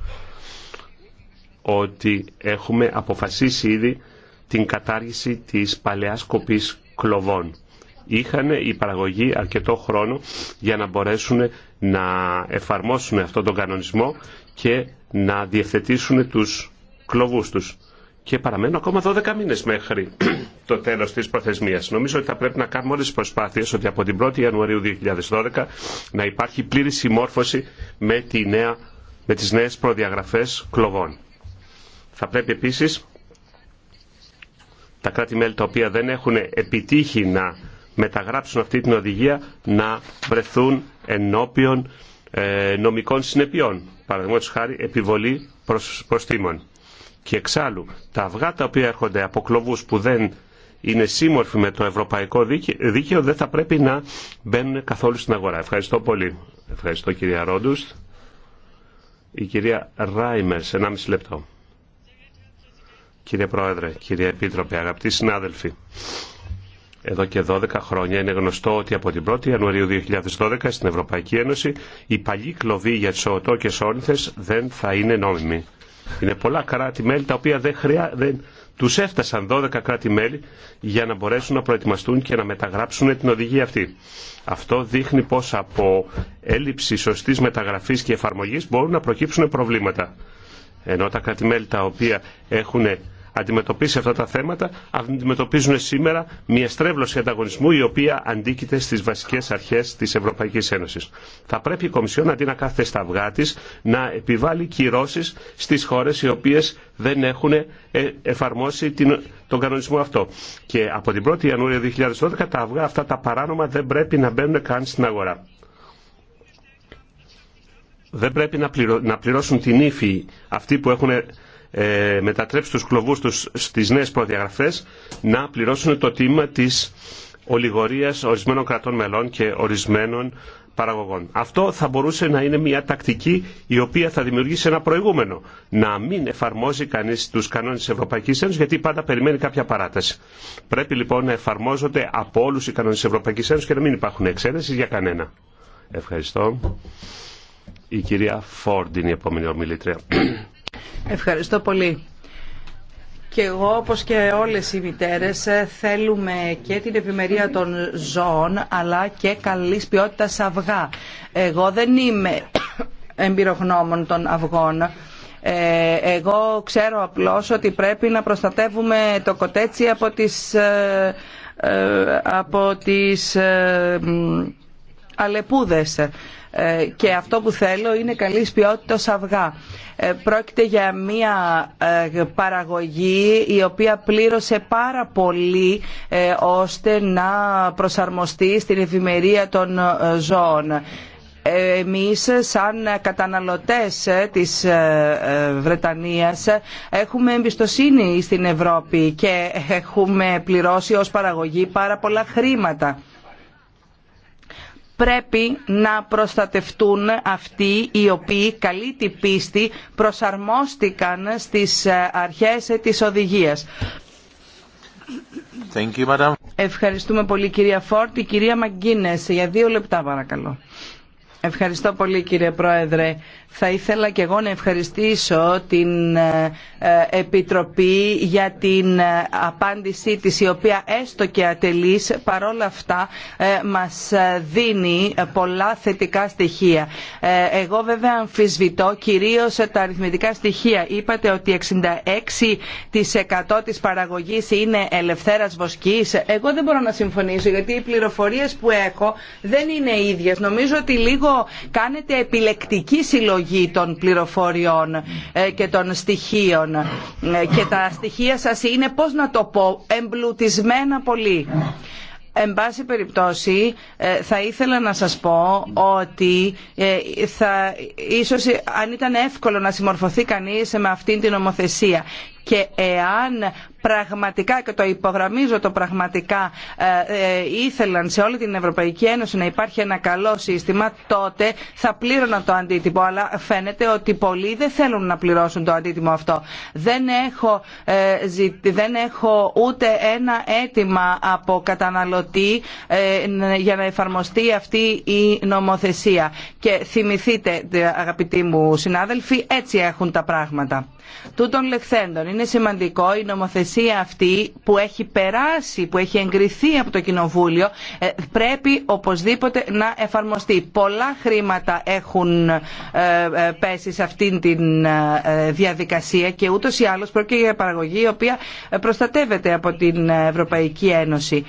ότι έχουμε αποφασίσει ήδη την κατάργηση της παλαιάς κοπής κλοβών. Είχαν η παραγωγή αρκετό χρόνο για να μπορέσουν να εφαρμόσουν αυτόν τον κανονισμό και να διευθετήσουν τους κλοβούς τους και παραμένουν ακόμα 12 μήνες μέχρι το τέλος της προθεσμίας. Νομίζω ότι θα πρέπει να κάνουμε όλες τις προσπάθειες ότι από την 1η Ιανουαρίου 2012 να υπάρχει πλήρη συμμόρφωση με, τη νέα, με τις νέες προδιαγραφές κλοβών. Θα πρέπει επίσης τα κράτη-μέλη τα οποία δεν έχουν επιτύχει να μεταγράψουν αυτή την οδηγία να βρεθούν ενώπιον ε, νομικών συνεπειών. παραδείγματο χάρη επιβολή προστήμων. Και εξάλλου, τα αυγά τα οποία έρχονται από κλωβούς που δεν είναι σύμμορφοι με το ευρωπαϊκό δίκαιο, δεν θα πρέπει να μπαίνουν καθόλου στην αγορά. Ευχαριστώ πολύ. Ευχαριστώ κυρία Ρόντους. Η κυρία Ράιμερ, σε μισή λεπτό. Κύριε Πρόεδρε, κύριε Επίτροπε, αγαπητοί συνάδελφοι, εδώ και 12 χρόνια είναι γνωστό ότι από την 1η Ιανουαρίου 2012 στην Ευρωπαϊκή Ένωση η παλιή κλωβή για τις οτό και δεν θα είναι νόμιμη. Είναι πολλά κράτη-μέλη τα οποία δεν, χρειά, δεν τους έφτασαν 12 κράτη-μέλη για να μπορέσουν να προετοιμαστούν και να μεταγράψουν την οδηγία αυτή. Αυτό δείχνει πως από έλλειψη σωστής μεταγραφής και εφαρμογής μπορούν να προκύψουν προβλήματα. Ενώ τα κράτη-μέλη τα οποία έχουν αντιμετωπίσει αυτά τα θέματα αντιμετωπίζουν σήμερα μια στρέβλωση ανταγωνισμού η οποία αντίκειται στι βασικέ αρχέ τη Ευρωπαϊκή Ένωση. Θα πρέπει η Κομισιόν αντί να κάθεται στα αυγά τη να επιβάλλει κυρώσει στι χώρε οι οποίε δεν έχουν ε, εφαρμόσει τον κανονισμό αυτό. Και από την 1η Ιανουαρίου 2012 τα αυγά αυτά τα παράνομα δεν πρέπει να μπαίνουν καν στην αγορά δεν πρέπει να, πληρώσουν την ύφη αυτοί που έχουν ε, μετατρέψει τους κλωβούς τους στις νέες προδιαγραφές να πληρώσουν το τίμημα της ολιγορίας ορισμένων κρατών μελών και ορισμένων παραγωγών. Αυτό θα μπορούσε να είναι μια τακτική η οποία θα δημιουργήσει ένα προηγούμενο. Να μην εφαρμόζει κανείς τους κανόνες της Ευρωπαϊκής Ένωσης γιατί πάντα περιμένει κάποια παράταση. Πρέπει λοιπόν να εφαρμόζονται από όλους οι κανόνες της Ευρωπαϊκής Ένωσης και να μην υπάρχουν εξαίρεσεις για κανένα. Ευχαριστώ. Η κυρία Φόρντ είναι η επόμενη ομιλήτρια. Ευχαριστώ πολύ. Και εγώ, όπως και όλες οι μητέρες, θέλουμε και την επιμερία των ζώων, αλλά και καλή ποιότητα αυγά. Εγώ δεν είμαι εμπειρογνώμων των αυγών. Ε, εγώ ξέρω απλώς ότι πρέπει να προστατεύουμε το κοτέτσι από τις, ε, ε, από τις αλεπούδες. Ε, και αυτό που θέλω είναι καλής ποιότητα αυγά. Ε, πρόκειται για μια ε, παραγωγή η οποία πλήρωσε πάρα πολύ ώστε να προσαρμοστεί στην ευημερία των ζώων εμείς σαν καταναλωτές της Βρετανίας έχουμε εμπιστοσύνη στην Ευρώπη και έχουμε πληρώσει ως παραγωγή πάρα πολλά χρήματα πρέπει να προστατευτούν αυτοί οι οποίοι καλή την πίστη προσαρμόστηκαν στις ε, αρχές της οδηγίας. Thank you, Ευχαριστούμε πολύ κυρία Φόρτη, κυρία Μαγκίνες για δύο λεπτά παρακαλώ. Ευχαριστώ πολύ κύριε Πρόεδρε. Θα ήθελα και εγώ να ευχαριστήσω την ε, ε, Επιτροπή για την ε, απάντησή της η οποία έστω και ατελής παρόλα αυτά μας δίνει πολλά θετικά στοιχεία. Εγώ βέβαια αμφισβητώ κυρίως τα αριθμητικά στοιχεία. Είπατε ότι 66% της παραγωγής είναι ελευθέρας βοσκής. Εγώ δεν μπορώ να συμφωνήσω γιατί οι πληροφορίες που έχω δεν είναι ίδιες. Νομίζω ότι λίγο Κάνετε επιλεκτική συλλογή των πληροφοριών ε, και των στοιχείων ε, και τα στοιχεία σας είναι, πώς να το πω, εμπλουτισμένα πολύ. Εν πάση περιπτώσει, ε, θα ήθελα να σας πω ότι θα, ίσως αν ήταν εύκολο να συμμορφωθεί κανείς με αυτήν την νομοθεσία και εάν πραγματικά και το υπογραμμίζω το πραγματικά ε, ε, ήθελαν σε όλη την Ευρωπαϊκή Ένωση να υπάρχει ένα καλό σύστημα τότε θα πλήρωνα το αντίτιμο αλλά φαίνεται ότι πολλοί δεν θέλουν να πληρώσουν το αντίτιμο αυτό. Δεν έχω, ε, δεν έχω ούτε ένα αίτημα από καταναλωτή για να εφαρμοστεί αυτή η νομοθεσία. Και θυμηθείτε αγαπητοί μου συνάδελφοι έτσι έχουν τα πράγματα. Τούτων λεχθέντων είναι σημαντικό η νομοθεσία αυτή που έχει περάσει, που έχει εγκριθεί από το Κοινοβούλιο ε, πρέπει οπωσδήποτε να εφαρμοστεί. Πολλά χρήματα έχουν ε, ε, πέσει σε αυτήν την διαδικασία και ούτως ή άλλως πρόκειται για παραγωγή η οποία προστατεύεται από την Ευρωπαϊκή Ένωση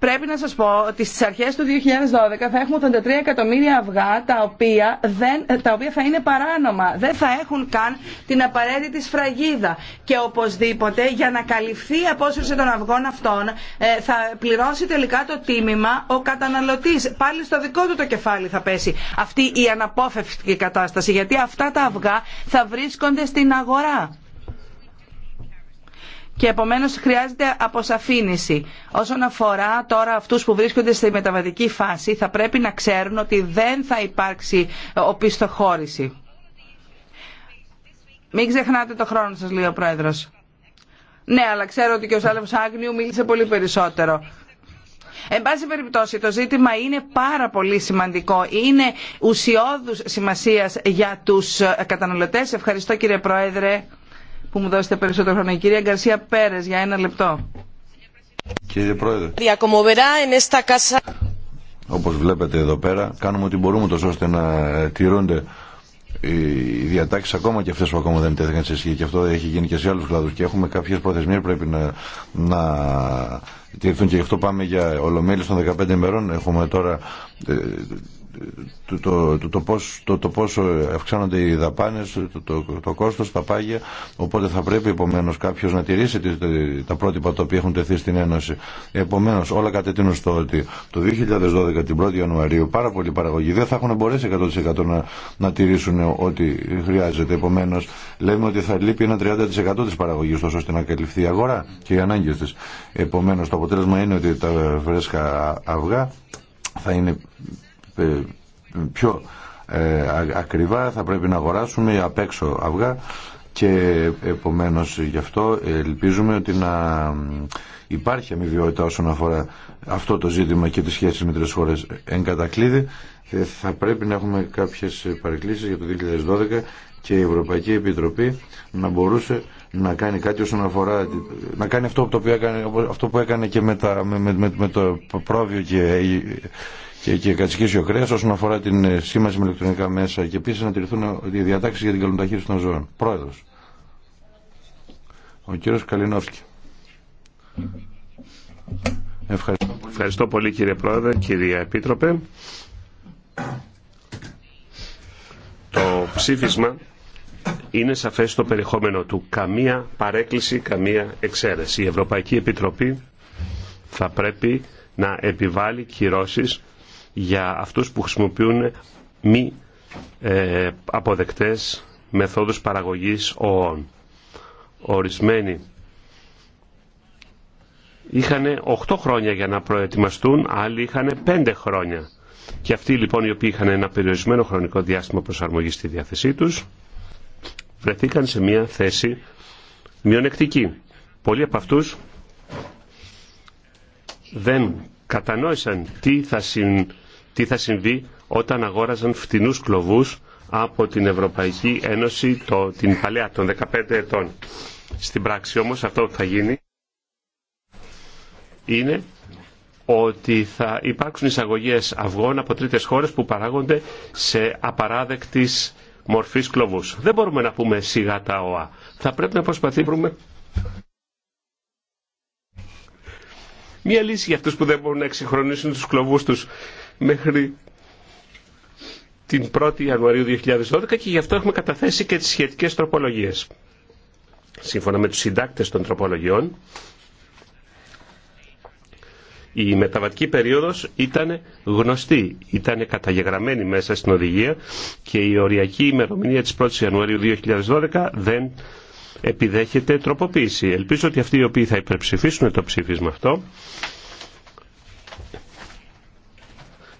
πρέπει να σας πω ότι στις αρχές του 2012 θα έχουμε 83 εκατομμύρια αυγά τα οποία, δεν, τα οποία θα είναι παράνομα. Δεν θα έχουν καν την απαραίτητη σφραγίδα. Και οπωσδήποτε για να καλυφθεί η απόσυρση των αυγών αυτών ε, θα πληρώσει τελικά το τίμημα ο καταναλωτής. Πάλι στο δικό του το κεφάλι θα πέσει αυτή η αναπόφευκτη κατάσταση γιατί αυτά τα αυγά θα βρίσκονται στην αγορά και επομένως χρειάζεται αποσαφήνιση. Όσον αφορά τώρα αυτούς που βρίσκονται στη μεταβατική φάση θα πρέπει να ξέρουν ότι δεν θα υπάρξει οπισθοχώρηση. Μην ξεχνάτε το χρόνο σας λέει ο Πρόεδρος. Ναι, αλλά ξέρω ότι και ο Σάλεμος Άγνιου μίλησε πολύ περισσότερο. Εν πάση περιπτώσει, το ζήτημα είναι πάρα πολύ σημαντικό. Είναι ουσιώδους σημασίας για τους καταναλωτές. Ευχαριστώ κύριε Πρόεδρε που μου δώσετε περισσότερο χρόνο. Η κυρία Γκαρσία Πέρες για ένα λεπτό. Κύριε Πρόεδρε. Όπω βλέπετε εδώ πέρα κάνουμε ό,τι μπορούμε τόσο ώστε να ε, τηρούνται οι διατάξει ακόμα και αυτέ που ακόμα δεν τέθηκαν σε ισχύ και αυτό έχει γίνει και σε άλλου κλάδου. Και έχουμε κάποιε προθεσμίε που πρέπει να, να τηρηθούν και γι' αυτό πάμε για ολομέλειε των 15 ημερών. Έχουμε τώρα ε, το, το, το, το, πόσο ε, αυξάνονται οι δαπάνες, το, το, κόστος, τα πάγια, οπότε θα πρέπει επομένως κάποιος να τηρήσει τα πρότυπα τα οποία έχουν τεθεί στην Ένωση. Επομένως όλα κατετείνουν στο ότι το 2012 την 1η Ιανουαρίου πάρα πολλοί παραγωγοί δεν θα έχουν μπορέσει 100% να, να τηρήσουν ό,τι χρειάζεται. Επομένως λέμε ότι θα λείπει ένα 30% της παραγωγής τόσο ώστε να καλυφθεί η αγορά και οι ανάγκες της. Επομένως το αποτέλεσμα είναι ότι τα φρέσκα αυγά θα είναι ε, πιο ε, ακριβά, θα πρέπει να αγοράσουμε απ' έξω αυγά και επομένως γι' αυτό ελπίζουμε ότι να υπάρχει αμοιβιότητα όσον αφορά αυτό το ζήτημα και τις σχέσεις με τρεις χώρες εν κατακλείδη ε, θα πρέπει να έχουμε κάποιες παρεκκλήσεις για το 2012 και η Ευρωπαϊκή Επιτροπή να μπορούσε να κάνει κάτι όσον αφορά να κάνει αυτό, το οποίο έκανε, αυτό που έκανε και με, με, με, με το πρόβιο και, και, και κρέας όσον αφορά την ε, σήμαση με ηλεκτρονικά μέσα και επίση να τηρηθούν ε, οι διατάξεις για την καλονταχείριση των ζώων. Πρόεδρος. Ο κύριο Καλινόφσκι. Ευχαριστώ πολύ. Ευχαριστώ πολύ κύριε Πρόεδρε, κυρία Επίτροπε. Το ψήφισμα είναι σαφές το περιεχόμενο του. Καμία παρέκκληση, καμία εξαίρεση. Η Ευρωπαϊκή Επιτροπή θα πρέπει να επιβάλλει κυρώσεις για αυτούς που χρησιμοποιούν μη ε, αποδεκτές μεθόδους παραγωγής οών. Ορισμένοι είχαν 8 χρόνια για να προετοιμαστούν, άλλοι είχαν 5 χρόνια. Και αυτοί λοιπόν οι οποίοι είχαν ένα περιορισμένο χρονικό διάστημα προσαρμογής στη διάθεσή τους, βρεθήκαν σε μια θέση μειονεκτική. Πολλοί από αυτούς δεν κατανόησαν τι θα, συν, τι θα συμβεί όταν αγόραζαν φτηνούς κλοβούς από την Ευρωπαϊκή Ένωση το, την παλαιά των 15 ετών. Στην πράξη όμως αυτό που θα γίνει είναι ότι θα υπάρξουν εισαγωγές αυγών από τρίτες χώρες που παράγονται σε απαράδεκτης μορφής κλωβούς. Δεν μπορούμε να πούμε σιγά τα ΟΑ. Θα πρέπει να προσπαθήσουμε μία λύση για αυτούς που δεν μπορούν να εξυγχρονίσουν τους κλωβούς τους μέχρι την 1η Ιανουαρίου 2012 και γι' αυτό έχουμε καταθέσει και τις σχετικές τροπολογίες. Σύμφωνα με τους συντάκτες των τροπολογιών, η μεταβατική περίοδος ήταν γνωστή, ήταν καταγεγραμμένη μέσα στην οδηγία και η οριακή ημερομηνία της 1ης Ιανουαρίου 2012 δεν επιδέχεται τροποποίηση. Ελπίζω ότι αυτοί οι οποίοι θα υπερψηφίσουν το ψήφισμα αυτό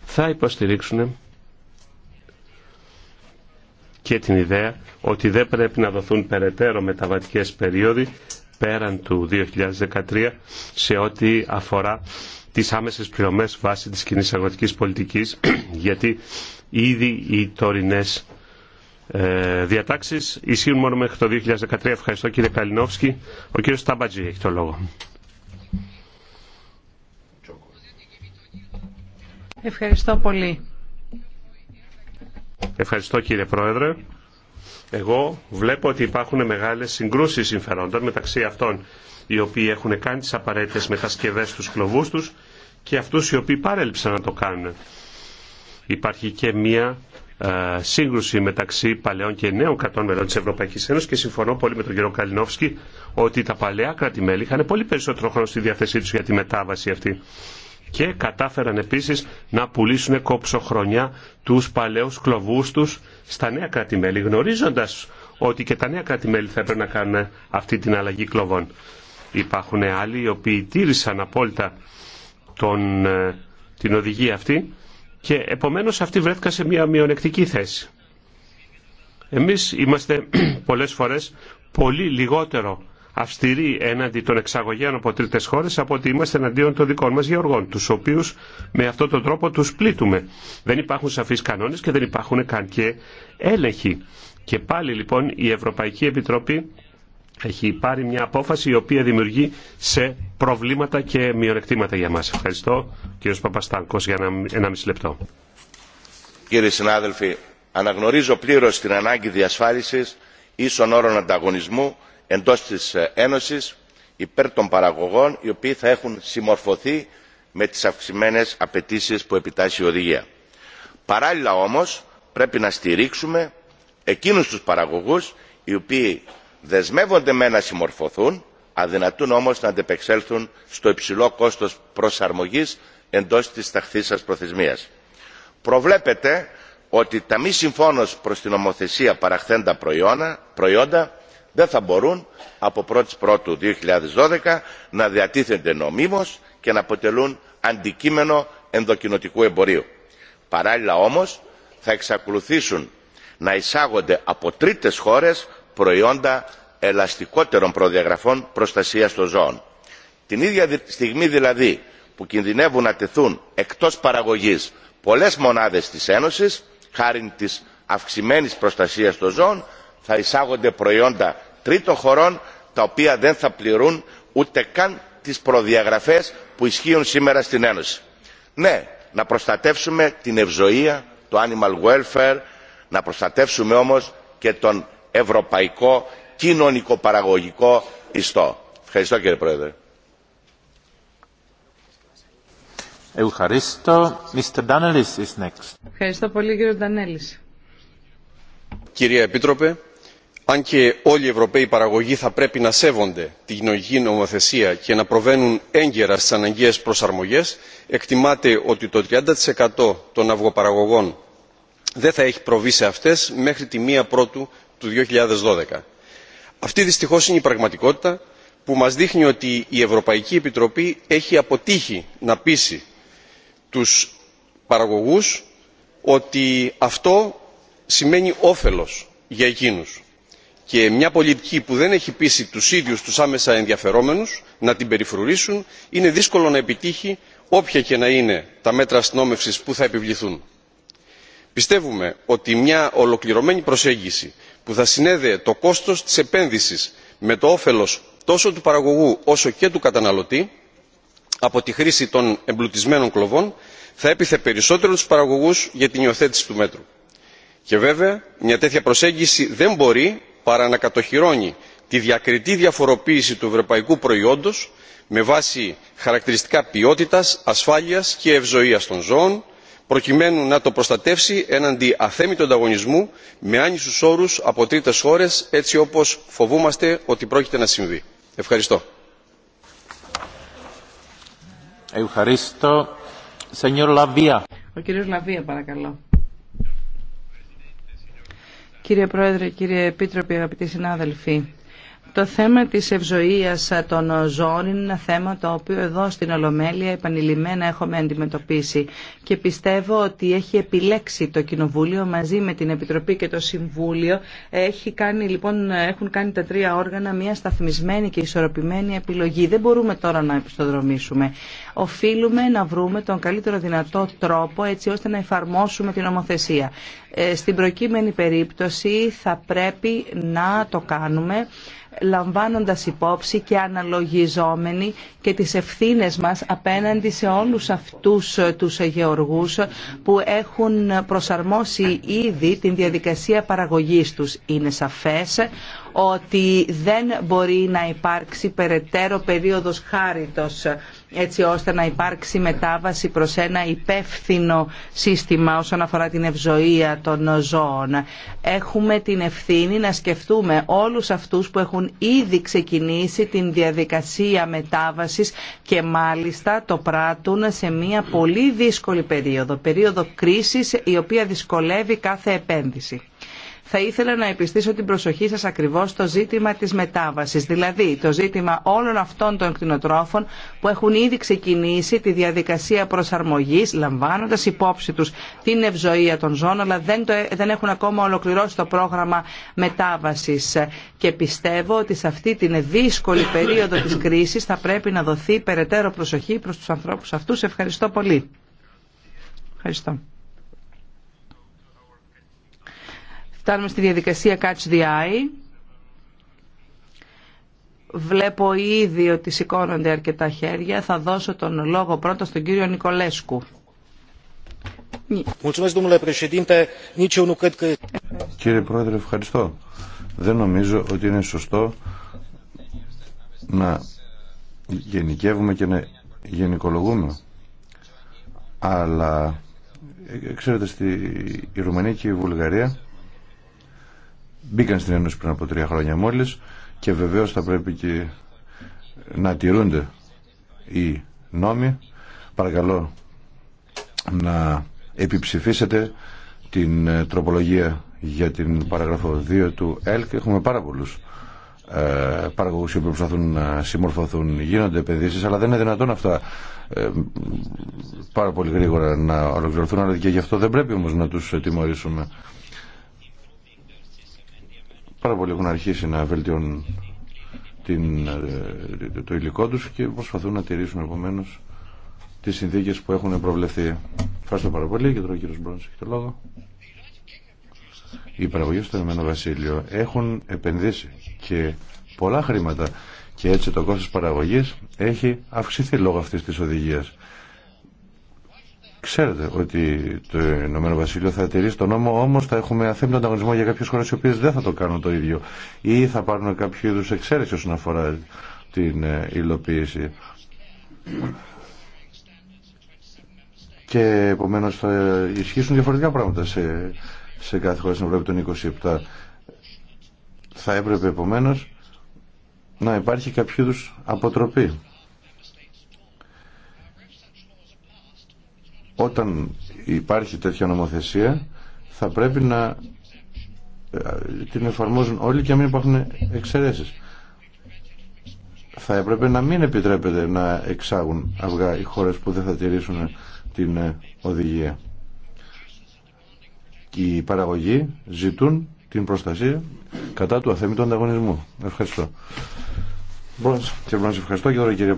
θα υποστηρίξουν και την ιδέα ότι δεν πρέπει να δοθούν περαιτέρω μεταβατικές περίοδοι πέραν του 2013 σε ό,τι αφορά τις άμεσες πληρωμές βάσει της κοινή αγροτικής πολιτικής γιατί ήδη οι τωρινές ε, διατάξεις ισχύουν μόνο μέχρι το 2013. Ευχαριστώ κύριε Καλινόφσκι. Ο κύριος Σταμπατζή έχει το λόγο. Ευχαριστώ πολύ. Ευχαριστώ κύριε Πρόεδρε. Εγώ βλέπω ότι υπάρχουν μεγάλες συγκρούσεις συμφερόντων μεταξύ αυτών οι οποίοι έχουν κάνει τις απαραίτητες μετασκευές στους κλωβούς τους και αυτούς οι οποίοι παρέλειψαν να το κάνουν. Υπάρχει και μία ε, σύγκρουση μεταξύ παλαιών και νέων κρατών μελών τη Ευρωπαϊκή Ένωση και συμφωνώ πολύ με τον κύριο Καλινόφσκι ότι τα παλαιά κράτη-μέλη είχαν πολύ περισσότερο χρόνο στη διάθεσή του για τη μετάβαση αυτή. Και κατάφεραν επίσης να πουλήσουν χρονιά τους παλαιούς κλωβούς του στα νέα κράτη-μέλη, γνωρίζοντα ότι και τα νέα θα έπρεπε να κάνουν αυτή την αλλαγή κλοβών. Υπάρχουν άλλοι οι οποίοι τήρησαν απόλυτα τον, ε, την οδηγία αυτή και επομένως αυτή βρέθηκαν σε μια μειονεκτική θέση. Εμείς είμαστε πολλές φορές πολύ λιγότερο αυστηροί έναντι των εξαγωγέων από τρίτες χώρες από ότι είμαστε εναντίον των δικών μας γεωργών, τους οποίους με αυτόν τον τρόπο τους πλήττουμε. Δεν υπάρχουν σαφείς κανόνες και δεν υπάρχουν καν και έλεγχοι. Και πάλι λοιπόν η Ευρωπαϊκή Επιτροπή έχει πάρει μια απόφαση η οποία δημιουργεί σε προβλήματα και μειονεκτήματα για μας. Ευχαριστώ Κύριο Παπαστάνκος για ένα, ένα μισή λεπτό. Κύριοι συνάδελφοι, αναγνωρίζω πλήρως την ανάγκη διασφάλισης ίσων όρων ανταγωνισμού εντός της ε, Ένωσης υπέρ των παραγωγών οι οποίοι θα έχουν συμμορφωθεί με τις αυξημένε απαιτήσει που επιτάσσει η οδηγία. Παράλληλα όμως πρέπει να στηρίξουμε εκείνους τους παραγωγούς οι οποίοι δεσμεύονται με να συμμορφωθούν αδυνατούν όμως να αντεπεξέλθουν στο υψηλό κόστος προσαρμογής εντός της ταχθής σας προθεσμίας. Προβλέπετε ότι τα μη συμφώνως προς την ομοθεσία παραχθέντα προϊόνα, προϊόντα δεν θα μπορούν από 1η Πρώτου 2012 να διατίθενται νομίμως και να αποτελούν αντικείμενο ενδοκινοτικού εμπορίου. Παράλληλα όμως θα εξακολουθήσουν να εισάγονται από τρίτες χώρες προϊόντα ελαστικότερων προδιαγραφών προστασίας των ζώων. Την ίδια στιγμή δηλαδή που κινδυνεύουν να τεθούν εκτός παραγωγής πολλές μονάδες της Ένωσης, χάρη της αυξημένης προστασίας των ζώων, θα εισάγονται προϊόντα τρίτων χωρών τα οποία δεν θα πληρούν ούτε καν τις προδιαγραφές που ισχύουν σήμερα στην Ένωση. Ναι, να προστατεύσουμε την ευζοία, το animal welfare, να προστατεύσουμε όμως και τον ευρωπαϊκό κοινωνικοπαραγωγικό ιστό. Ευχαριστώ κύριε Πρόεδρε. Ευχαριστώ. Mr. is next. Ευχαριστώ πολύ Κυρία Επίτροπε, αν και όλοι οι Ευρωπαίοι παραγωγοί θα πρέπει να σέβονται την κοινωνική νομοθεσία και να προβαίνουν έγκαιρα στις αναγκαίες προσαρμογές, εκτιμάται ότι το 30% των αυγοπαραγωγών δεν θα έχει προβεί σε αυτές μέχρι τη 1 Πρώτου του 2012. Αυτή δυστυχώς είναι η πραγματικότητα που μας δείχνει ότι η Ευρωπαϊκή Επιτροπή έχει αποτύχει να πείσει τους παραγωγούς ότι αυτό σημαίνει όφελος για εκείνους και μια πολιτική που δεν έχει πείσει τους ίδιους τους άμεσα ενδιαφερόμενους να την περιφρουρήσουν είναι δύσκολο να επιτύχει όποια και να είναι τα μέτρα αστυνόμευσης που θα επιβληθούν πιστεύουμε ότι μια ολοκληρωμένη προσέγγιση που θα συνέδεε το κόστος της επένδυσης με το όφελος τόσο του παραγωγού όσο και του καταναλωτή από τη χρήση των εμπλουτισμένων κλοβών θα έπειθε περισσότερο του παραγωγούς για την υιοθέτηση του μέτρου. και βέβαια μια τέτοια προσέγγιση δεν μπορεί παρά να κατοχυρώνει τη διακριτή διαφοροποίηση του ευρωπαϊκού προϊόντος με βάση χαρακτηριστικά ποιότητας ασφάλειας και ευζοίας των ζώων προκειμένου να το προστατεύσει εναντί αθέμητου ανταγωνισμού με άνισους όρους από τρίτες χώρες έτσι όπως φοβούμαστε ότι πρόκειται να συμβεί. Ευχαριστώ. Ευχαριστώ. Ο κύριος Λαβία παρακαλώ. Κύριε Πρόεδρε, κύριε Επίτροπη, αγαπητοί συνάδελφοι, το θέμα της ευζοίας των ζώων είναι ένα θέμα το οποίο εδώ στην Ολομέλεια επανειλημμένα έχουμε αντιμετωπίσει και πιστεύω ότι έχει επιλέξει το Κοινοβούλιο μαζί με την Επιτροπή και το Συμβούλιο έχει κάνει, λοιπόν, έχουν κάνει τα τρία όργανα μια σταθμισμένη και ισορροπημένη επιλογή. Δεν μπορούμε τώρα να επιστοδρομήσουμε. Οφείλουμε να βρούμε τον καλύτερο δυνατό τρόπο έτσι ώστε να εφαρμόσουμε την νομοθεσία. Ε, στην προκείμενη περίπτωση θα πρέπει να το κάνουμε λαμβάνοντας υπόψη και αναλογιζόμενοι και τις ευθύνες μας απέναντι σε όλους αυτούς ε, τους γεωργούς ε, που έχουν προσαρμόσει ήδη την διαδικασία παραγωγής τους. Είναι σαφές ε, ότι δεν μπορεί να υπάρξει περαιτέρω περίοδος χάριτος έτσι ώστε να υπάρξει μετάβαση προς ένα υπεύθυνο σύστημα όσον αφορά την ευζοία των ζώων. Έχουμε την ευθύνη να σκεφτούμε όλους αυτούς που έχουν ήδη ξεκινήσει την διαδικασία μετάβασης και μάλιστα το πράττουν σε μια πολύ δύσκολη περίοδο, περίοδο κρίσης η οποία δυσκολεύει κάθε επένδυση θα ήθελα να επιστήσω την προσοχή σας ακριβώς στο ζήτημα της μετάβασης, δηλαδή το ζήτημα όλων αυτών των κτηνοτρόφων που έχουν ήδη ξεκινήσει τη διαδικασία προσαρμογής, λαμβάνοντας υπόψη τους την ευζοία των ζώων, αλλά δεν, το, δεν έχουν ακόμα ολοκληρώσει το πρόγραμμα μετάβασης. Και πιστεύω ότι σε αυτή την δύσκολη περίοδο της κρίσης θα πρέπει να δοθεί περαιτέρω προσοχή προς τους ανθρώπους αυτούς. Ευχαριστώ πολύ. Ευχαριστώ. Φτάνουμε στη διαδικασία Catch the Eye. Βλέπω ήδη ότι σηκώνονται αρκετά χέρια. Θα δώσω τον λόγο πρώτα στον κύριο Νικολέσκου. Κύριε Πρόεδρε, ευχαριστώ. Δεν νομίζω ότι είναι σωστό να γενικεύουμε και να γενικολογούμε. Αλλά, ε, ξέρετε, στη Ρουμανία και η Βουλγαρία μπήκαν στην Ένωση πριν από τρία χρόνια μόλις και βεβαίως θα πρέπει και να τηρούνται οι νόμοι. Παρακαλώ να επιψηφίσετε την ε, τροπολογία για την παραγραφό 2 του ΕΛΚ. Έχουμε πάρα πολλού ε, παραγωγούς που προσπαθούν να συμμορφωθούν, γίνονται επενδύσει, αλλά δεν είναι δυνατόν αυτά ε, πάρα πολύ γρήγορα να ολοκληρωθούν, αλλά και γι' αυτό δεν πρέπει όμω να του τιμωρήσουμε πάρα πολλοί έχουν αρχίσει να βελτιώνουν την, ε, το υλικό τους και προσπαθούν να τηρήσουν επομένω τις συνθήκες που έχουν προβλεφθεί. Ευχαριστώ πάρα πολύ και τώρα ο κύριος Μπρόνς έχει το λόγο. Οι παραγωγές στο Ενωμένο Βασίλειο έχουν επενδύσει και πολλά χρήματα και έτσι το κόστος παραγωγής έχει αυξηθεί λόγω αυτής της οδηγίας. Ξέρετε ότι το Ηνωμένο Βασίλειο θα τηρήσει τον νόμο, όμω θα έχουμε αθέμητο ανταγωνισμό για κάποιε χώρε οι οποίε δεν θα το κάνουν το ίδιο ή θα πάρουν κάποιο είδου εξαίρεση όσον αφορά την ε, υλοποίηση. Και επομένω θα ισχύσουν διαφορετικά πράγματα σε, σε κάθε χώρα στην Ευρώπη των 27. Θα έπρεπε επομένω να υπάρχει κάποιο είδου αποτροπή. Όταν υπάρχει τέτοια νομοθεσία θα πρέπει να ε, την εφαρμόζουν όλοι και να μην υπάρχουν εξαιρέσεις. Θα έπρεπε να μην επιτρέπεται να εξάγουν αυγά οι χώρες που δεν θα τηρήσουν την ε, οδηγία. Και οι παραγωγοί ζητούν την προστασία κατά του αθέμητου ανταγωνισμού. Ευχαριστώ. Μπορείς, ευχαριστώ και τώρα κύριε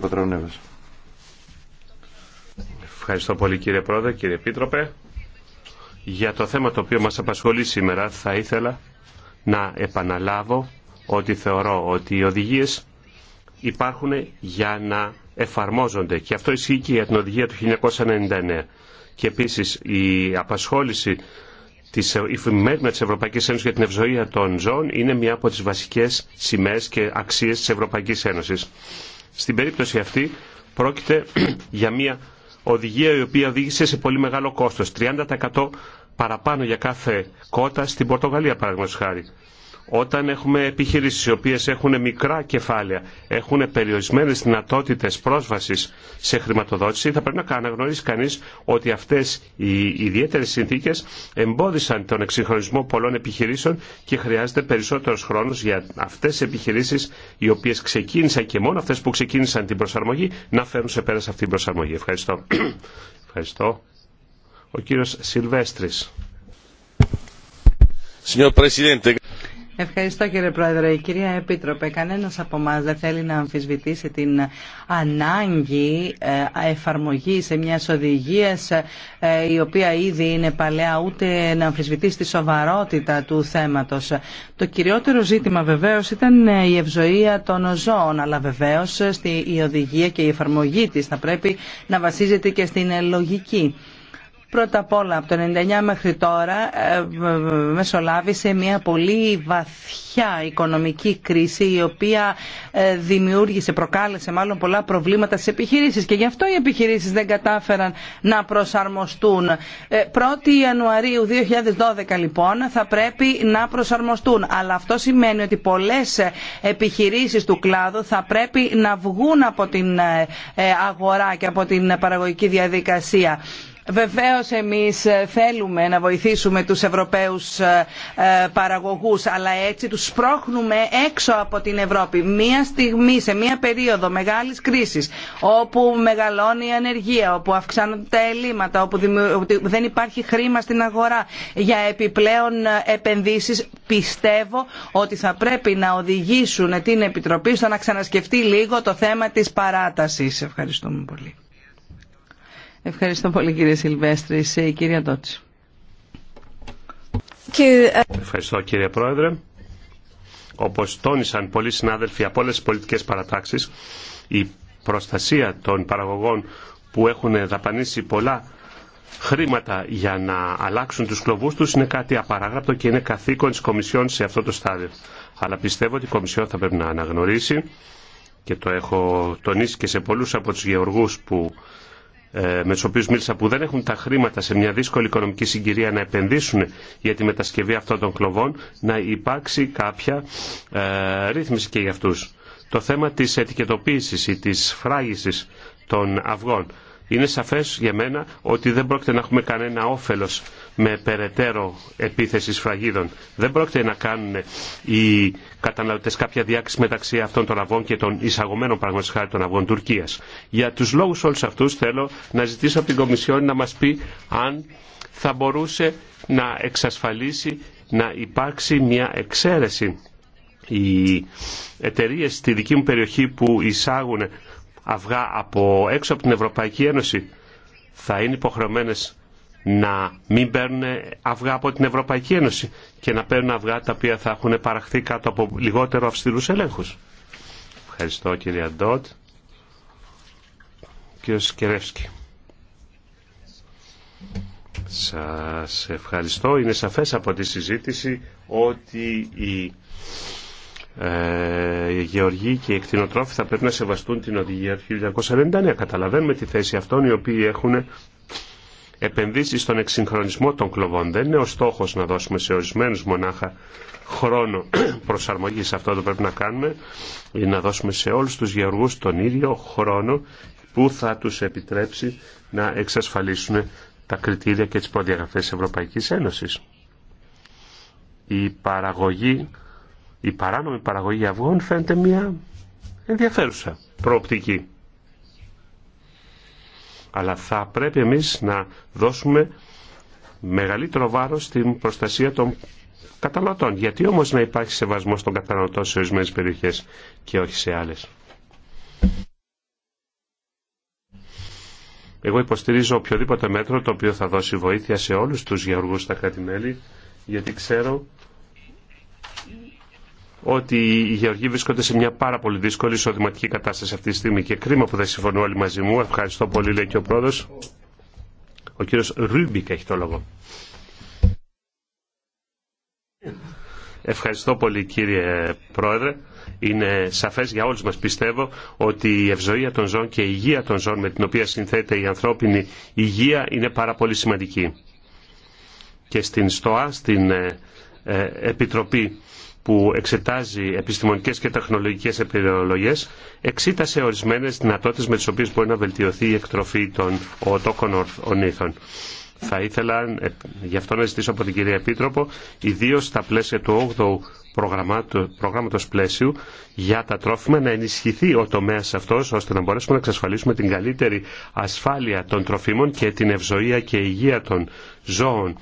Ευχαριστώ πολύ κύριε Πρόεδρε, κύριε Επίτροπε. Για το θέμα το οποίο μας απασχολεί σήμερα θα ήθελα να επαναλάβω ότι θεωρώ ότι οι οδηγίες υπάρχουν για να εφαρμόζονται και αυτό ισχύει και για την οδηγία του 1999. Και επίσης η απασχόληση της, η της Ευρωπαϊκής Ένωσης για την ευζοία των ζώων είναι μια από τις βασικές σημαίες και αξίες της Ευρωπαϊκής Ένωσης. Στην περίπτωση αυτή πρόκειται για μια οδηγία η οποία οδήγησε σε πολύ μεγάλο κόστος. 30% παραπάνω για κάθε κότα στην Πορτογαλία, παραδείγματος χάρη. Όταν έχουμε επιχειρήσεις οι οποίες έχουν μικρά κεφάλαια, έχουν περιορισμένες δυνατότητες πρόσβασης σε χρηματοδότηση, θα πρέπει να αναγνωρίσει κανείς ότι αυτές οι ιδιαίτερες συνθήκες εμπόδισαν τον εξυγχρονισμό πολλών επιχειρήσεων και χρειάζεται περισσότερος χρόνος για αυτές τις επιχειρήσεις οι οποίες ξεκίνησαν και μόνο αυτές που ξεκίνησαν την προσαρμογή να φέρουν σε πέρα σε αυτή την προσαρμογή. Ευχαριστώ. Ευχαριστώ. Ο κύριος Σιλβέστρης. Ευχαριστώ κύριε Πρόεδρε. Η κυρία Επίτροπε, κανένας από εμά δεν θέλει να αμφισβητήσει την ανάγκη ε, σε μια οδηγία ε, η οποία ήδη είναι παλαιά ούτε να αμφισβητήσει τη σοβαρότητα του θέματος. Το κυριότερο ζήτημα βεβαίως ήταν ε, η ευζοία των ζώων, αλλά βεβαίως η οδηγία και η εφαρμογή της θα πρέπει να βασίζεται και στην λογική. Πρώτα απ' όλα, από το 99 μέχρι τώρα ε, ε, μεσολάβησε μια πολύ βαθιά οικονομική κρίση η οποία ε, δημιούργησε, προκάλεσε μάλλον πολλά προβλήματα στις επιχειρήσεις και γι' αυτό οι επιχειρήσεις δεν κατάφεραν να προσαρμοστούν. 1η Ιανουαρίου 2012 λοιπόν θα πρέπει να προσαρμοστούν, αλλά αυτό σημαίνει ότι πολλές επιχειρήσεις του κλάδου θα πρέπει να βγουν από την αγορά και από την παραγωγική διαδικασία. Βεβαίως εμείς ε, θέλουμε να βοηθήσουμε τους Ευρωπαίους ε, ε, παραγωγούς αλλά έτσι τους σπρώχνουμε έξω από την Ευρώπη. Μία στιγμή, σε μία περίοδο μεγάλης κρίσης όπου μεγαλώνει η ανεργία, όπου αυξάνονται τα ελλείμματα, όπου δεν υπάρχει χρήμα στην αγορά για επιπλέον επενδύσεις πιστεύω ότι θα πρέπει να οδηγήσουν την Επιτροπή στο να ξανασκεφτεί λίγο το θέμα της παράτασης. Ευχαριστούμε πολύ. Ευχαριστώ πολύ κύριε Σιλβέστρη. Η κυρία Ντότσι. Ευχαριστώ κύριε Πρόεδρε. Όπως τόνισαν πολλοί συνάδελφοι από όλες τις πολιτικές παρατάξεις, η προστασία των παραγωγών που έχουν δαπανίσει πολλά χρήματα για να αλλάξουν τους κλωβούς τους είναι κάτι απαράγραπτο και είναι καθήκον της Κομισιόν σε αυτό το στάδιο. Αλλά πιστεύω ότι η Κομισιόν θα πρέπει να αναγνωρίσει και το έχω τονίσει και σε πολλούς από τους γεωργούς που ε, με τους οποίους μίλησα που δεν έχουν τα χρήματα σε μια δύσκολη οικονομική συγκυρία να επενδύσουν για τη μετασκευή αυτών των κλοβών να υπάρξει κάποια ε, ρύθμιση και για αυτούς. Το θέμα της ετικετοποίησης ή της φράγησης των αυγών είναι σαφές για μένα ότι δεν πρόκειται να έχουμε κανένα όφελος με περαιτέρω επίθεση σφραγίδων. Δεν πρόκειται να κάνουν οι καταναλωτέ κάποια διάκριση μεταξύ αυτών των αυγών και των εισαγωμένων παραγωγών χάρη των αυγών Τουρκία. Για του λόγου όλου αυτού θέλω να ζητήσω από την Κομισιόν να μα πει αν θα μπορούσε να εξασφαλίσει να υπάρξει μια εξαίρεση. Οι εταιρείε στη δική μου περιοχή που εισάγουν αυγά από έξω από την Ευρωπαϊκή Ένωση θα είναι υποχρεωμένες να μην παίρνουν αυγά από την Ευρωπαϊκή Ένωση και να παίρνουν αυγά τα οποία θα έχουν παραχθεί κάτω από λιγότερο αυστηρούς ελέγχους. Ευχαριστώ κύριε Αντώτ. Κύριο Σκερεύσκη. Σας ευχαριστώ. Είναι σαφές από τη συζήτηση ότι η ε, οι γεωργοί και οι εκτινοτρόφοι θα πρέπει να σεβαστούν την οδηγία του 1999. Καταλαβαίνουμε τη θέση αυτών οι οποίοι έχουν επενδύσει στον εξυγχρονισμό των κλοβών. Δεν είναι ο στόχος να δώσουμε σε ορισμένου μονάχα χρόνο προσαρμογής. Αυτό το πρέπει να κάνουμε είναι να δώσουμε σε όλους τους γεωργού τον ίδιο χρόνο που θα τους επιτρέψει να εξασφαλίσουν τα κριτήρια και τι προδιαγραφέ της Ευρωπαϊκής Ένωσης. Η παραγωγή, η παράνομη παραγωγή αυγών φαίνεται μια ενδιαφέρουσα προοπτική αλλά θα πρέπει εμείς να δώσουμε μεγαλύτερο βάρος στην προστασία των καταναλωτών. Γιατί όμως να υπάρχει σεβασμός των καταναλωτών σε ορισμένε περιοχές και όχι σε άλλες. Εγώ υποστηρίζω οποιοδήποτε μέτρο το οποίο θα δώσει βοήθεια σε όλους τους γεωργούς στα κράτη-μέλη, γιατί ξέρω ότι οι Γεωργοί βρίσκονται σε μια πάρα πολύ δύσκολη εισοδηματική κατάσταση αυτή τη στιγμή και κρίμα που δεν συμφωνούν όλοι μαζί μου. Ευχαριστώ πολύ, λέει και ο πρόεδρο. Ο κύριος Ρούμπικ έχει το λόγο. Ευχαριστώ πολύ κύριε Πρόεδρε. Είναι σαφές για όλους μας πιστεύω ότι η ευζοία των ζώων και η υγεία των ζώων με την οποία συνθέεται η ανθρώπινη υγεία είναι πάρα πολύ σημαντική. Και στην ΣΤΟΑ, στην ε, ε, Επιτροπή που εξετάζει επιστημονικές και τεχνολογικές επιδεολογίες εξήτασε ορισμένες δυνατότητες με τις οποίες μπορεί να βελτιωθεί η εκτροφή των οτόκων ονήθων. Θα ήθελα ε, γι' αυτό να ζητήσω από την κυρία Επίτροπο, ιδίω στα πλαίσια του 8ου προγράμματος πλαίσιου για τα τρόφιμα να ενισχυθεί ο τομέας αυτός ώστε να μπορέσουμε να εξασφαλίσουμε την καλύτερη ασφάλεια των τροφίμων και την ευζοία και υγεία των ζώων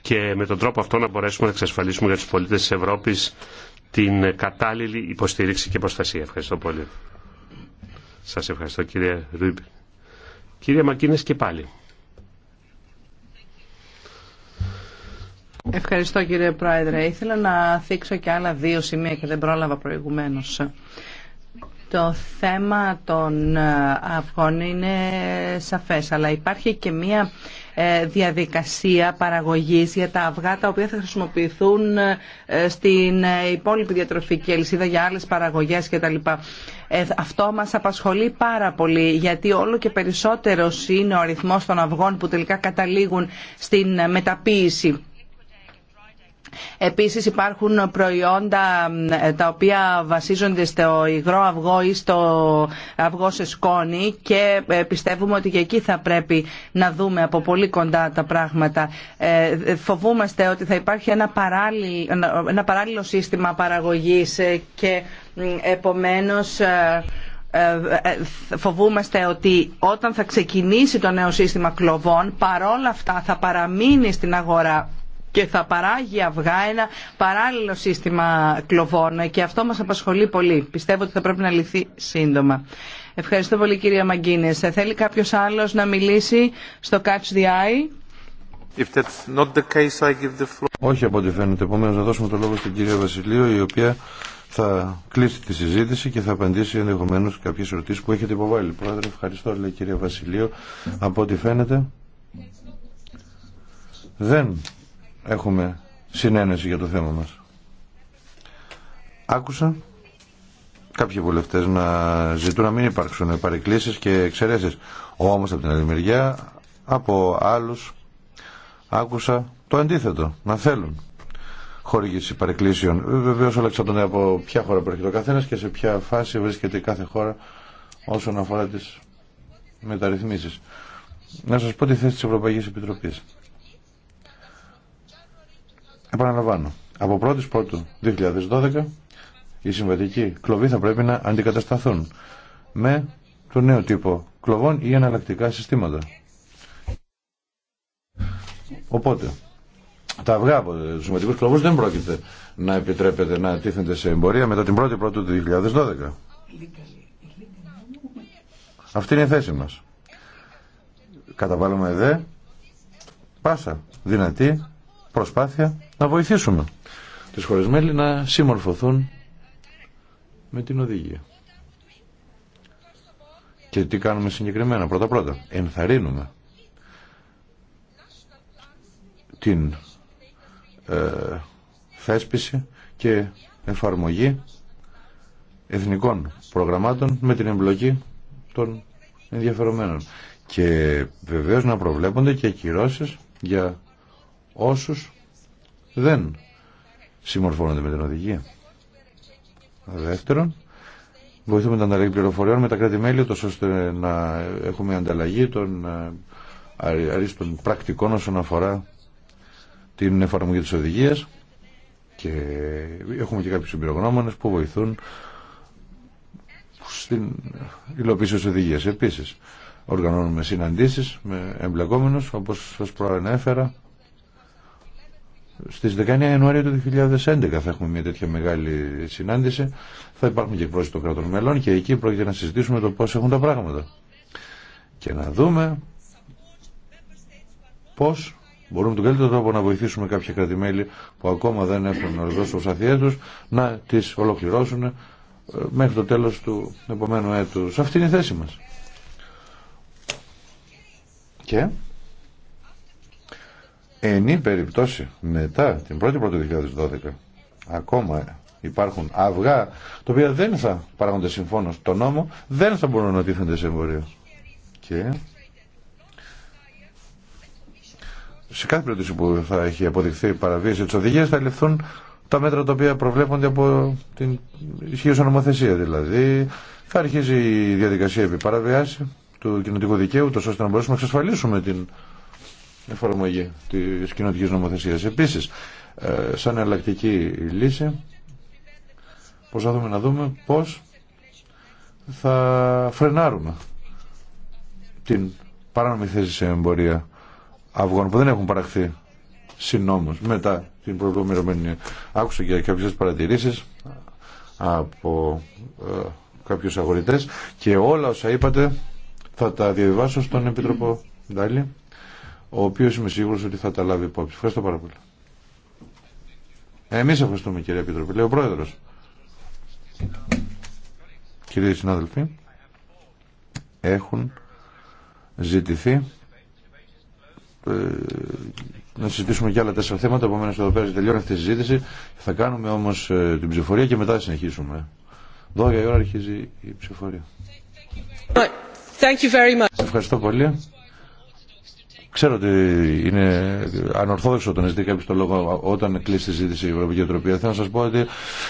και με τον τρόπο αυτό να μπορέσουμε να εξασφαλίσουμε για τους πολίτες της Ευρώπης την κατάλληλη υποστήριξη και προστασία. Ευχαριστώ πολύ. Σας ευχαριστώ κύριε Ρούμπ. Κύριε Μακίνες και πάλι. Ευχαριστώ κύριε Πρόεδρε. Ήθελα να θίξω και άλλα δύο σημεία και δεν πρόλαβα προηγουμένως. Το θέμα των ε, αυγών είναι σαφές, αλλά υπάρχει και μία ε, διαδικασία παραγωγής για τα αυγά τα οποία θα χρησιμοποιηθούν ε, στην υπόλοιπη διατροφική αλυσίδα για άλλες παραγωγές κτλ. Αυτό μας απασχολεί πάρα πολύ γιατί όλο και περισσότερος είναι ο αριθμός των αυγών που τελικά καταλήγουν στην μεταποίηση Επίσης υπάρχουν προϊόντα τα οποία βασίζονται στο υγρό αυγό ή στο αυγό σε σκόνη και ε, πιστεύουμε ότι και εκεί θα πρέπει να δούμε από πολύ κοντά τα πράγματα. Ε, φοβούμαστε ότι θα υπάρχει ένα παράλληλο, ένα παράλληλο σύστημα παραγωγής ε, και επομένως φοβούμαστε ότι όταν θα ξεκινήσει το νέο σύστημα κλοβών παρόλα αυτά θα παραμείνει στην αγορά και θα παράγει αυγά ένα παράλληλο σύστημα κλοβών και αυτό μας απασχολεί πολύ. Πιστεύω ότι θα πρέπει να λυθεί σύντομα. Ευχαριστώ πολύ κυρία Μαγκίνες. Θέλει κάποιος άλλος να μιλήσει στο Catch the Eye. If that's not the case, I give the floor. Όχι από ό,τι φαίνεται. Επομένως να δώσουμε το λόγο στην κυρία Βασιλείου η οποία θα κλείσει τη συζήτηση και θα απαντήσει ενδεχομένω κάποιε ερωτήσει που έχετε υποβάλει. Πρόεδρε, ευχαριστώ λέει κυρία Βασιλείου. Από ό,τι φαίνεται δεν έχουμε συνένεση για το θέμα μας. Άκουσα κάποιοι βουλευτές να ζητούν να μην υπάρξουν παρεκκλήσεις και εξαιρέσεις. Όμως από την άλλη μεριά, από άλλους, άκουσα το αντίθετο, να θέλουν χορήγηση παρεκκλήσεων. Βεβαίως όλα εξαρτώνται από ποια χώρα προέρχεται ο καθένας και σε ποια φάση βρίσκεται κάθε χώρα όσον αφορά τις μεταρρυθμίσεις. Να σας πω τη θέση της Ευρωπαϊκής Επιτροπής. Επαναλαμβάνω, από 1η Πρώτου 2012 οι συμβατικοί κλοβοί θα πρέπει να αντικατασταθούν με το νέο τύπο κλοβών ή εναλλακτικά συστήματα. Οπότε, τα αυγά από του συμβατικού κλοβού δεν πρόκειται να επιτρέπεται να τίθενται σε εμπορία μετά την 1η του 2012. Αυτή είναι η θέση μας. Καταβάλουμε δε πάσα δυνατή προσπάθεια να βοηθήσουμε τις χώρες να συμμορφωθούν με την οδηγία. Και τι κάνουμε συγκεκριμένα. Πρώτα πρώτα, ενθαρρύνουμε την ε, θέσπιση και εφαρμογή εθνικών προγραμμάτων με την εμπλοκή των ενδιαφερομένων. Και βεβαίως να προβλέπονται και κυρώσεις για όσους δεν συμμορφώνονται με την οδηγία. Δεύτερον, βοηθούμε την ανταλλαγή πληροφοριών με τα κράτη-μέλη, ώστε να έχουμε ανταλλαγή των ε, αρίστων πρακτικών όσον αφορά την εφαρμογή της οδηγίας και έχουμε και κάποιους εμπειρογνώμονες που βοηθούν στην υλοποίηση της οδηγίας. Επίσης, οργανώνουμε συναντήσεις με εμπλεκόμενους, όπως σας προανέφερα, στις 19 Ιανουαρίου του 2011 θα έχουμε μια τέτοια μεγάλη συνάντηση. Θα υπάρχουν και εκπρόσωποι των κρατών μελών και εκεί πρόκειται να συζητήσουμε το πώς έχουν τα πράγματα. Και να δούμε πώς μπορούμε τον καλύτερο τρόπο να βοηθήσουμε κάποια κρατημέλη που ακόμα δεν έχουν τους αθιές τους να τις ολοκληρώσουν ε, μέχρι το τέλος του επομένου έτους. Αυτή είναι η θέση μας. Και ενή περιπτώσει μετά την πρώτη η Πρώτη 2012 ακόμα υπάρχουν αυγά τα οποία δεν θα παράγονται συμφώνως τον νόμο δεν θα μπορούν να τίθενται σε εμπορίο και σε κάθε περίπτωση που θα έχει αποδειχθεί παραβίαση της οδηγίας θα ληφθούν τα μέτρα τα οποία προβλέπονται από την ισχύουσα νομοθεσία δηλαδή θα αρχίσει η διαδικασία επί παραβιάση του κοινωτικού δικαίου ώστε να μπορέσουμε να εξασφαλίσουμε την εφαρμογή της κοινωτική νομοθεσίας. Επίσης, ε, σαν εναλλακτική λύση, προσπαθούμε να δούμε πώς θα φρενάρουμε την παράνομη θέση σε εμπορία αυγών που δεν έχουν παραχθεί συνόμως μετά την προηγούμενη άκουσα και κάποιες παρατηρήσεις από ε, κάποιους αγορητές και όλα όσα είπατε θα τα διαβιβάσω στον Επίτροπο Ντάλη ο οποίος είμαι σίγουρος ότι θα τα λάβει υπόψη. Ευχαριστώ πάρα πολύ. Εμείς ευχαριστούμε κύριε Επίτροπε. Λέει ο Πρόεδρος. Κυρίες συνάδελφοι, έχουν ζητηθεί ε, να συζητήσουμε και άλλα τέσσερα θέματα. Επομένω, εδώ πέρα τελειώνει αυτή η συζήτηση. Θα κάνουμε όμω ε, την ψηφορία και μετά συνεχίσουμε. 12 η ώρα αρχίζει η ψηφορία. Ευχαριστώ πολύ. Ξέρω ότι είναι ανορθόδοξο το να ζητεί κάποιο το λόγο όταν κλείσει τη συζήτηση η Ευρωπαϊκή Επιτροπή. Θέλω να σα πω ότι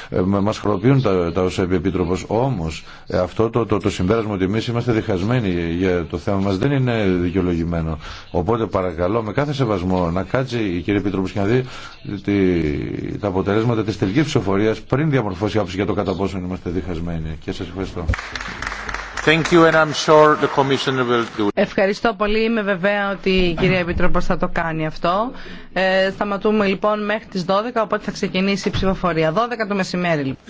ε, μα χρεοποιούν τα, τα όσα είπε Επίτροπο. Όμω ε, αυτό το, το, το συμπέρασμα ότι εμεί είμαστε διχασμένοι για το θέμα μα δεν είναι δικαιολογημένο. Οπότε παρακαλώ με κάθε σεβασμό να κάτσει η κυρία Επίτροπο και να δει τη, τα αποτελέσματα τη τελική ψηφοφορία πριν διαμορφώσει άποψη για το κατά πόσο είμαστε διχασμένοι. Και σα ευχαριστώ. Ευχαριστώ πολύ. Είμαι βεβαία ότι η κυρία Επίτροπο θα το κάνει αυτό. Ε, σταματούμε λοιπόν μέχρι τις 12, οπότε θα ξεκινήσει η ψηφοφορία. 12 το μεσημέρι. Λοιπόν.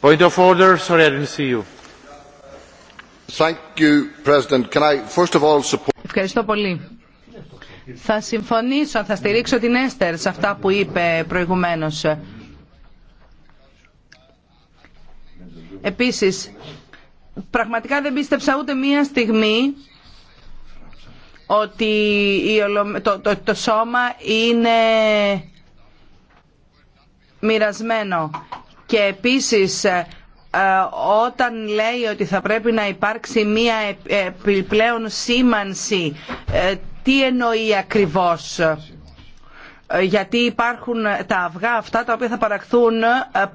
Point of order. Sorry, I didn't see you. Thank you, President. Can I first of all support... Ευχαριστώ πολύ. Θα συμφωνήσω, θα στηρίξω την Έστερ σε αυτά που είπε προηγουμένως. Επίσης, πραγματικά δεν πίστεψα ούτε μία στιγμή ότι το, το, σώμα είναι μοιρασμένο. Και επίσης ε, ε, όταν λέει ότι θα πρέπει να υπάρξει μία επιπλέον σήμανση, ε, τι εννοεί ακριβώς γιατί υπάρχουν τα αυγά αυτά τα οποία θα παραχθούν ε,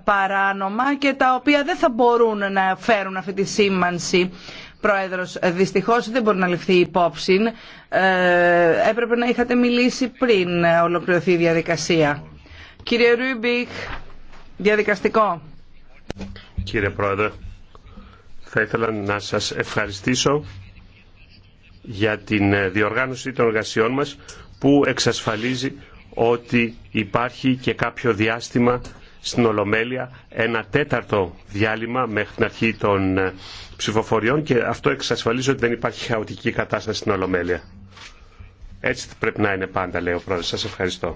παράνομα και τα οποία δεν θα μπορούν να φέρουν αυτή τη σήμανση. Πρόεδρος, δυστυχώς δεν μπορεί να ληφθεί υπόψη. Ε, έπρεπε να είχατε μιλήσει πριν ολοκληρωθεί η διαδικασία. Κύριε Ρούμπιχ, διαδικαστικό. Κύριε Πρόεδρε, θα ήθελα να σας ευχαριστήσω για την ε, διοργάνωση των εργασιών μας που εξασφαλίζει ότι υπάρχει και κάποιο διάστημα στην Ολομέλεια ένα τέταρτο διάλειμμα μέχρι την αρχή των ε, ψηφοφοριών και αυτό εξασφαλίζει ότι δεν υπάρχει χαοτική κατάσταση στην Ολομέλεια. Έτσι πρέπει να είναι πάντα, λέει ο πρόεδρος. Σας ευχαριστώ.